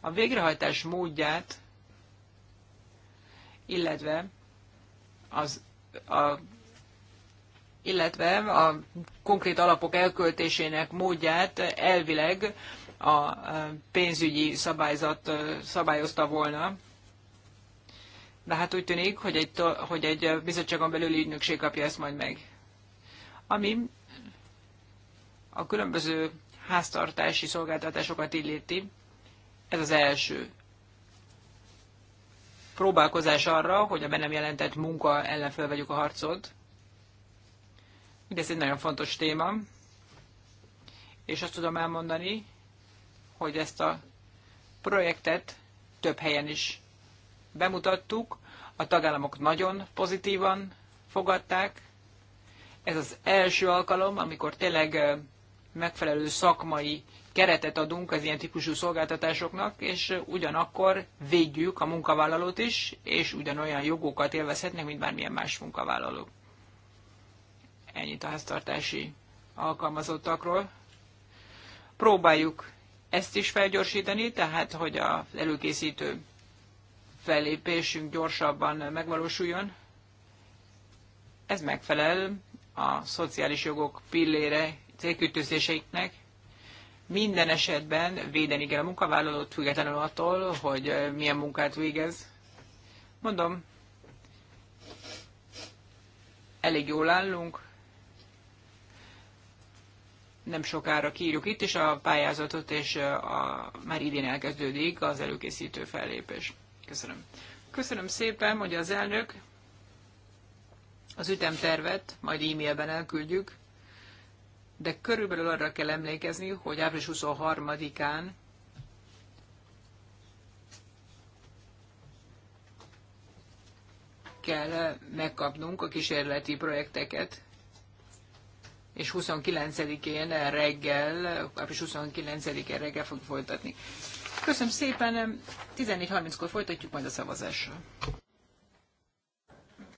A végrehajtás módját, illetve az, a, illetve a konkrét alapok elköltésének módját elvileg a pénzügyi szabályzat szabályozta volna. De hát úgy tűnik, hogy egy, hogy egy bizottságon belüli ügynökség kapja ezt majd meg. Ami a különböző háztartási szolgáltatásokat illeti, ez az első próbálkozás arra, hogy a be nem jelentett munka ellen felvegyük a harcot. De ez egy nagyon fontos téma, és azt tudom elmondani, hogy ezt a projektet több helyen is bemutattuk, a tagállamok nagyon pozitívan fogadták. Ez az első alkalom, amikor tényleg megfelelő szakmai keretet adunk az ilyen típusú szolgáltatásoknak, és ugyanakkor védjük a munkavállalót is, és ugyanolyan jogokat élvezhetnek, mint bármilyen más munkavállaló. Ennyit a háztartási alkalmazottakról. Próbáljuk ezt is felgyorsítani, tehát hogy az előkészítő fellépésünk gyorsabban megvalósuljon. Ez megfelel a szociális jogok pillére célkütőzéseiknek, minden esetben védeni kell a munkavállalót, függetlenül attól, hogy milyen munkát végez. Mondom, elég jól állunk, nem sokára kiírjuk itt is a pályázatot, és a, már idén elkezdődik az előkészítő fellépés. Köszönöm. Köszönöm szépen, hogy az elnök az ütemtervet majd e-mailben elküldjük de körülbelül arra kell emlékezni, hogy április 23-án kell megkapnunk a kísérleti projekteket, és 29-én reggel, április 29-én reggel fog folytatni. Köszönöm szépen, 14.30-kor folytatjuk majd a szavazással.